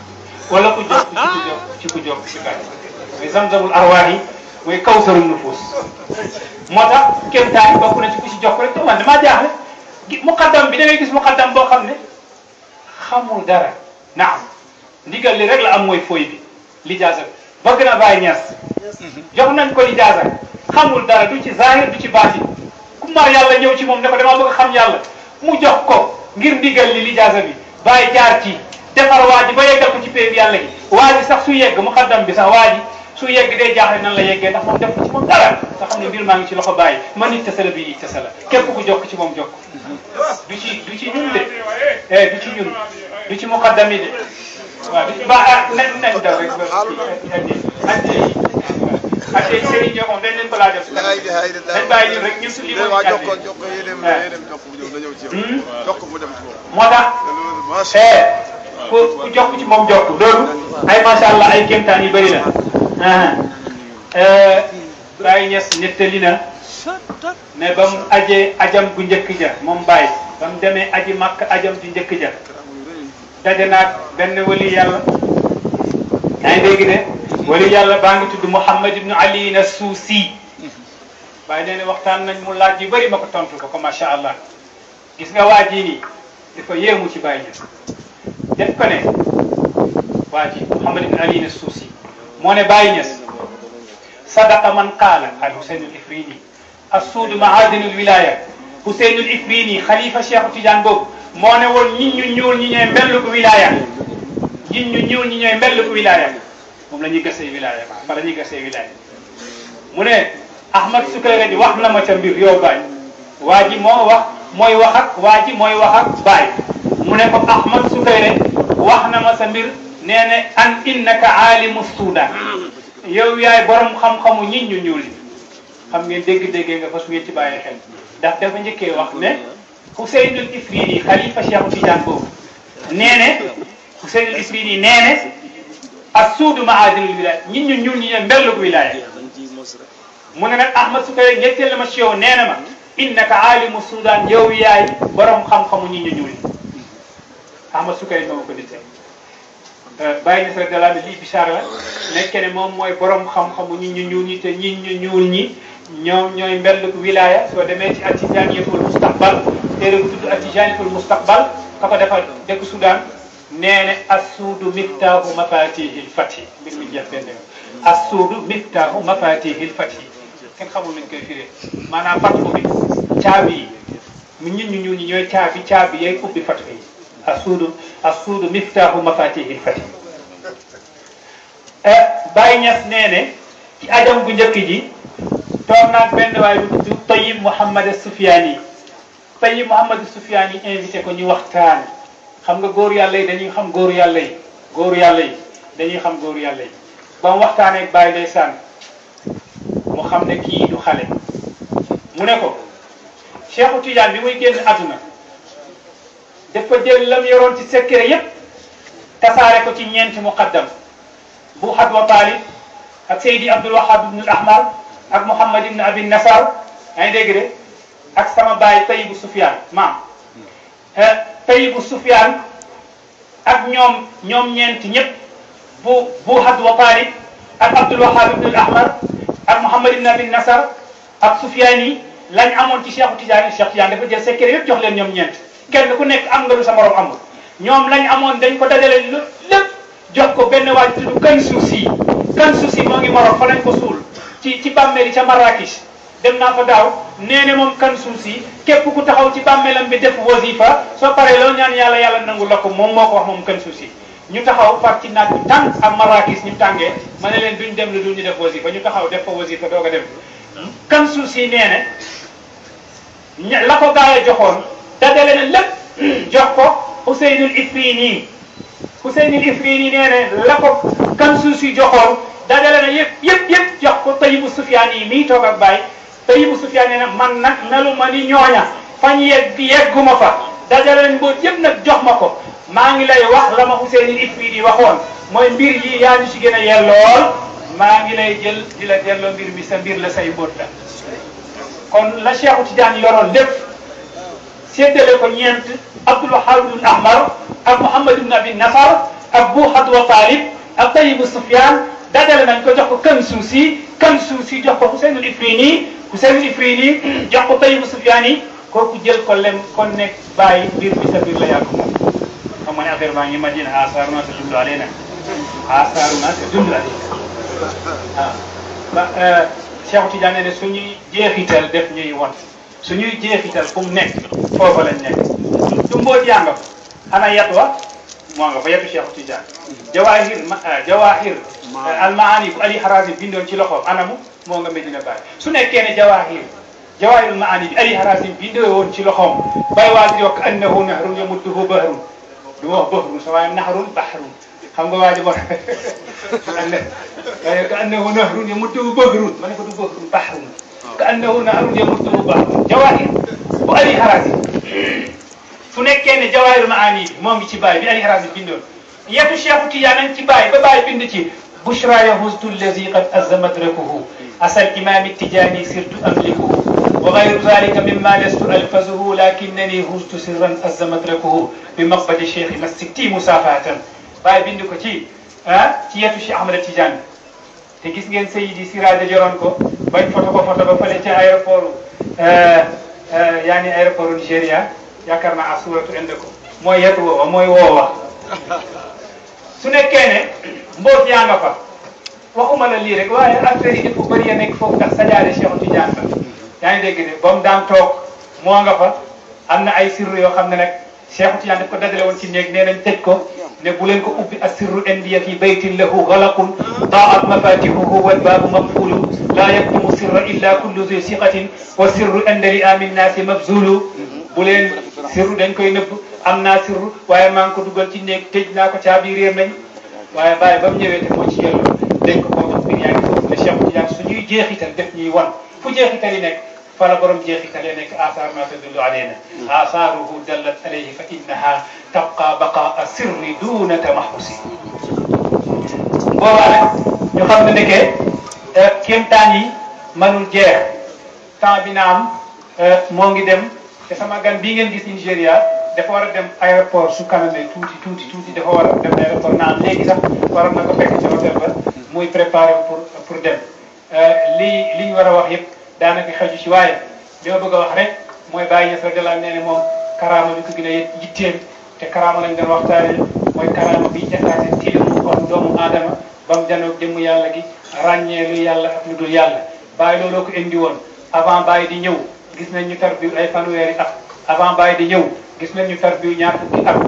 wala ku jokk ci ku jokk ci ku jokk ci bàyyi muy zamzamul arwaax yi muy kawsarul nufuus moo tax kenn taal bokk na ci ku ci jox ko rek te man damaa jaaxle muqaddam bi da ngay gis muqaddam boo xam ne xamul dara naam ndigal li rek la am mooy fooy bi lijaasa bëgg na ne ñaas jox nañ ko lijaasa xamul dara du ci zahir du ci baati ku mar yàlla ñëw ci moom ne ko damaa bëgg xam yàlla mu jox ko ngir ndigal li lijaasa bi bàyyi jaar ci defar waa ji ba yeggal ko ci péeb yàlla gi waa ji sax su yegg muqaddam bi sax waa su yegg dee jaaxle nan la yeggee ndax moom def ko ci moom dara nga xam ne mbir maa ngi ci loxo bàyyi man it tasa la bii it tasa la képp ku jokk ci moom jokk du ci du ci ñun de eh du ci ñun du ci muqaddam yi de waaw du ci ba ah nañ nañ daw rek ba kii ak tey Serigne Diop moom dañ leen ko laaj def. dañ bàyyi rek ñun suñu lii mooy jàppee moo tax. Eh, ku jokk ci moom jokk loolu ay macha allah ay kéemtaan yu bëri na. Ah. Euh, Baye Niass nettali na ne ba mu ajee ajam bu njëkk ja moom Baye ba mu demee ajam bu njëkk ja daje naag benn wali yàlla yaa ngi dégg de wali yàlla baa ngi tudd Mouhamed Ali na Suusi Baye nee na waxtaan nañ mu laaj yu bëri ma ko tontu ko ko macha allah gis nga waa jii nii dafa yéemu ci Baye Niass def ko ne waa Ali na Suusi moo ne bàyyi Niass sadaqa man qaala al Huseyn al Ifrini assuud maadin al wilaya Huseyn al Ifrini xalifa Cheikh Tidiane boobu moo ne woon ñit ñu ñuul ñi ñooy mbelluk wilaya ñit ñu ñuul ñi ñooy mbelluk wilaya moom la ñuy gasee wilaya fa la ñuy mu ne Ahmad Sukayrij di wax na ma ca mbir yow Baye waa ji moo wax mooy wax ak waa ji mooy wax ak Baye mu ne ko Ahmad Sukayrij wax na ma sa mbir nee na an innaka aalimu suuda yow yaay borom xam-xamu ñi ñu ñuul xam ngeen dégg-déggee nga fas ngeen ci bàyyi xel ndax dafa njëkkee wax ne Xuseynul Ifriidi xalifa Cheikh Tidiane boobu nee ne Xuseynul Ifriidi nee ne ak suudu maadinul wilaaya ñi ñu ñuul ñi ne mbellug wilaaya mu ne nag Ahmad su koy ñetteel la ma Cheikh nee na ma innaka aalimu suudaan yow yaay borom xam-xamu ñi ñu ñuul Ahmad su koy moo ko nitee Euh, bàyyi na sa dalaa lii bisaar la nekk ne moom mooy borom xam-xamu ñi ñu ñuul ñi te ñi ñu ñuul ñi ñoom ñooy mbelluk wilaya soo demee ci atijaniyatul mustaqbal téere bu tudd atijaniyatul mustaqbal ka ko defal dëkk Soudan nee ne assuudu miftaahu mafatihil fathi mbir mi jeex benn assuudu miftaahu mafatihil fathi kenn xamul nañ koy firee maanaam fatku bi caabi yi mu ñit ñu ñuul ñi ñooy caabi caabi yay ubbi fatku yi assuudu assuudu miftaahu mafatihil fatih eh, Baye Niass nee ne bu njëkk ji toog naag benn waay bu tudd Tayyib Mouhamed Soufiane Tayyib Mouhamed Soufiane invité ko ñu waxtaan xam nga góor yàlla yi dañuy xam góor yàlla yi góor yàlla yi dañuy xam góor yàlla yi ba mu waxtaanee ak Baye mu xam ne kii du xale mu ne ko Cheikhu Tidiane bi muy génn àdduna dafa jël lam yoroon ci secret yépp tasaare ko ci ñeenti muqaddam bu Hadwa Taalib ak Seydi Abdul Wahab ibnul Ahmar ak Muhammad ibn Abi Nasar yaa ngi dégg de ak sama baay Tayibu Sufyaan maam eh, Tayibu Sufyaan ak ñoom ñoom ñeenti ñëpp bu bu Hadwa Taalib ak Abdul Wahab ibnul Ahmar ak Muhammad ibn Abi Nasar ak Sufyaan yi lañ amoon ci Cheikh Tidiane Cheikh Tidiane dafa jël secret yépp jox leen ñoom ñeent. kenn ku nekk am nga lu sa morom amul ñoom lañ amoon dañ ko dajale lu lépp jox ko benn waaj tudd kan souci kan souci si moo ngi morom fa lañ ko suul ci ci bàmmeel ca marrakech dem naa fa daaw nee ne moom kan souci si képp ku taxaw ci bàmmeelam bi def wasifa soo paree loo ñaan yàlla yàlla nangu la ko moom moo ko wax moom kan souci ñu taxaw far ci naaj bi tànk ak marrakech ñu tàngee ma ne leen duñ dem lu dul def wasifa ñu taxaw def fa wasifa doog a dem kan souci nee ne la ko gaay joxoon dajale na lépp jox ko Ouseynul Ifrini Ouseynul Ifrini nee na la ko Kansuus si joxoon dajale na yëpp yëpp jox ko Tayyibu Sufyaan yi mii toog ak Baay Tayyibu Sufyaan nee na man nag melu ma ni ñooña fañ yegg yegguma fa dajale nañ mboot yëpp nag jox ma ko maa ngi lay wax la ma Ouseynul Ifrini waxoon mooy mbir yi yaa ñu ci gën a yellool maa ngi lay jël di la delloo mbir mi sa mbir la say mbóot la kon la Cheikhu Tidiane yoroon lépp séddale ko ñeent Abdul Wahab ibn Ahmar ak Muhammad ibn Abi Nafar ak Buu Xadwa Taalib ak Tayibu Sufyaan dajale nañ ko jox ko kan suusi kan suusi jox ko Huseynul Ifrini Huseynul Ifrini jox ko Tayibu Sufyaan yi kooku jël ko lem kon nekk bàyyi mbir bi sa biir ne affaire baa ngi Madina asaaruna sa jumlu alee na asaaruna sa jumlu alee na waaw ah. ba euh, Cheikh Tidiane ne suñuy jeexital def ñuy suñuy jeexital fu mu nekk foofa lañ nekk du mbooj yaa wa moo nga fa yatu Cheikh jawahir ah, jawahir eh, almaani Ali Harazi bindoon ci loxoom anamu moo nga Medina Baye su nekkee ne jawahir jawahirul maani Ali Harazi bindoo woon ci loxoom bay waa ji yokk annahu nahrun yamudduhu bahrun du wax bahrun sa waaye nahrun bahrun xam nga waa ji wax ka annahu nahrun yamudduhu bahrun ma ne ko du bahrun bahrun كانه نار يمرت بها جواهر وابي حرازي فنكين جواهر معاني مومي سي باي بي ابي حرازي بيندو يف شيخ تيامن سي باي با باي بيند سي بشرى يهز الذي قد ازم ادركه اصل امام التجاني سرت املكه وغير ذلك مما لست الفزه لكنني هزت سرا ازم ادركه بمقبل الشيخ مسكتي مسافه باي بيندو كتي ها تيتو شيخ احمد التجاني te gis ngeen sëy di siraaja yoroon ko bañ foto ko foto ba fële ca aéroport euh, euh, yaa ni aéroport Nigéria yaakaar naa asuratu inde ko mooy yet woowa mooy woowa su nekkee mboot yaa fa waxuma la lii rek waaye affaire yi dafa bëri ya nekk foofu ndax sajaade Cheikh Tidiane la yaa ngi dégg ne ba mu daan moo nga fa am na ay sirru yoo xam ne nag شيخ تيان كو دغلي وون سي نيك نينن تيج كو ني بولين كو اوبي اسر انديا في بيت له غلق ضاعت مفاتيحه والباب مقفول لا يكتم سر الا كل ذي ثقه وسر عند لئام الناس مبذول بولين سر دنج كاي نيب امنا سر واي مان كو دوجال سي نيك تيج ناكو تيابي رير ناي واي باي بام نيوي تي مو سي يلو دنج كو كو بنياك فوف شيخ تيان سونيي جيخيتال ديف ني وان فو جيخيتال نيك فلا برم جيخك لأنك آثار ما تدل علينا آثاره دلت عليه فإنها تبقى بقاء سر دون تمحص بوبا يخبر لك كم تاني من الجيخ تابنا مونغي دم سما غان بي نين غيس نيجيريا دا فا وارا دم ايربور سو كانامي توتي توتي توتي دا فا وارا دم ايربور نان ليغي سام وارا نكو فيك سي هوتيل با موي بريباري بور بور دم لي لي ني وارا واخ ييب daanaka xaju ci waaye li ma bëgg a wax rek mooy Baye Niass radiyallahu anhu nee na moom karaama bi ko gën a yitteel te karaama lañ doon waxtaanee mooy karaama bi jaxaase tilimu wax doomu aadama ba mu jëmm yàlla gi ràññee lu yàlla ak dul yàlla Baye looloo ko indi woon avant Baye di ñëw gis nañ ñu tarbiyu ay fanweeri at avant Baye di ñëw gis nañ ñu tarbiyu ñaar fukki at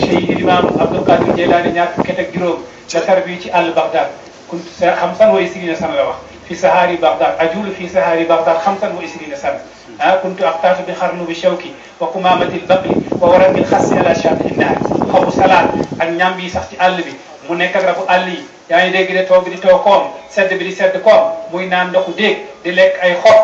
Cheikh Imam Abdul Qadir Jeylaani ñaar fukki at juróom la tarbiyu ci àll Bagdad kun xam san way sigi na san wax في سهار بغداد أجول في سهار بغداد 25 سنة أه كنت أقتاف بخرن بشوكي وقمامة البقل وورق الخس على شاطئ النهر xobu salaat ak ñam bi sax ci àll bi mu nekk ak rabu àll yi yaa ngi dégg de toog di toog koom sedd bi di sedd koom muy naan ndoxu déeg di lekk ay xob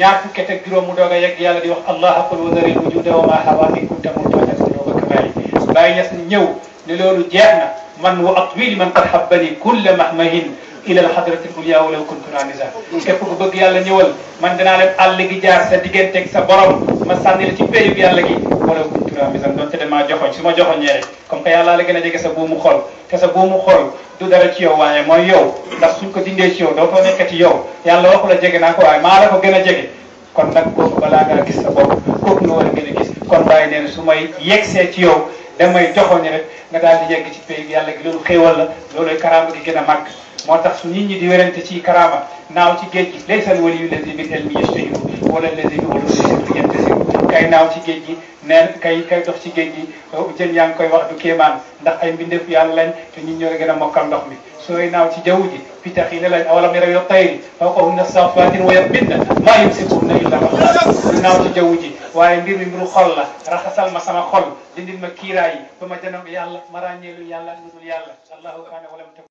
ñaar fukki ak juróom mu doog a yegg yàlla di wax allah akul wa zaril wujuda wa ma hawa in kunta mutanas di doog a kabaay bàyyi ñes ñëw ne loolu jeex na man wa atwil man qad habbani kulla mahmahin ilal xadratil ulya walaw kuntum anisa képp ku bëgg yàlla ñëwal man dinaa leen àll gi jaar sa digganteeg sa borom ma sànni la ci péyub yàlla gi walaw kuntum anisa donte damaa joxoñ su ma joxoñee rek la a jege sa buumu xol te sa buumu xol du dara ci yow ko dindee ci ko waaye la ko a jege kon nag kooku balaa ngaa gis nga war a a gis kon bàyyi neen su may yegsee ci yow damay joxoñ rek nga daal di yegg ci péyub yàlla gi loolu xéewal la looluy karaama gi gën a màgg moo tax nit ñi di werante ci karaama naaw ci géej gi laysa al waliyu lazi bi elmi yastahiru wala lazi bi uluwi yantasiru kay naaw ci géej gi neen kay kay dox ci géej gi jën yaa ngi koy wax du kéemaan ndax ay mbindeef yàlla lañ te ñun ñoo gën a mokkal ndox mi sooy naaw ci jaww ji pitax yi ne lañ awalam yaraw yo tayri fawqahunna saffaatin wa yabitna maa yumsikuhunna illa Allah naaw ci jaww ji waaye mbir mi mbiru xol la raxasal ma sama xol dindil ma kiiraay yi ba ma janam yàlla ma ràññeelu yàlla ludul yàlla allahu kaana walam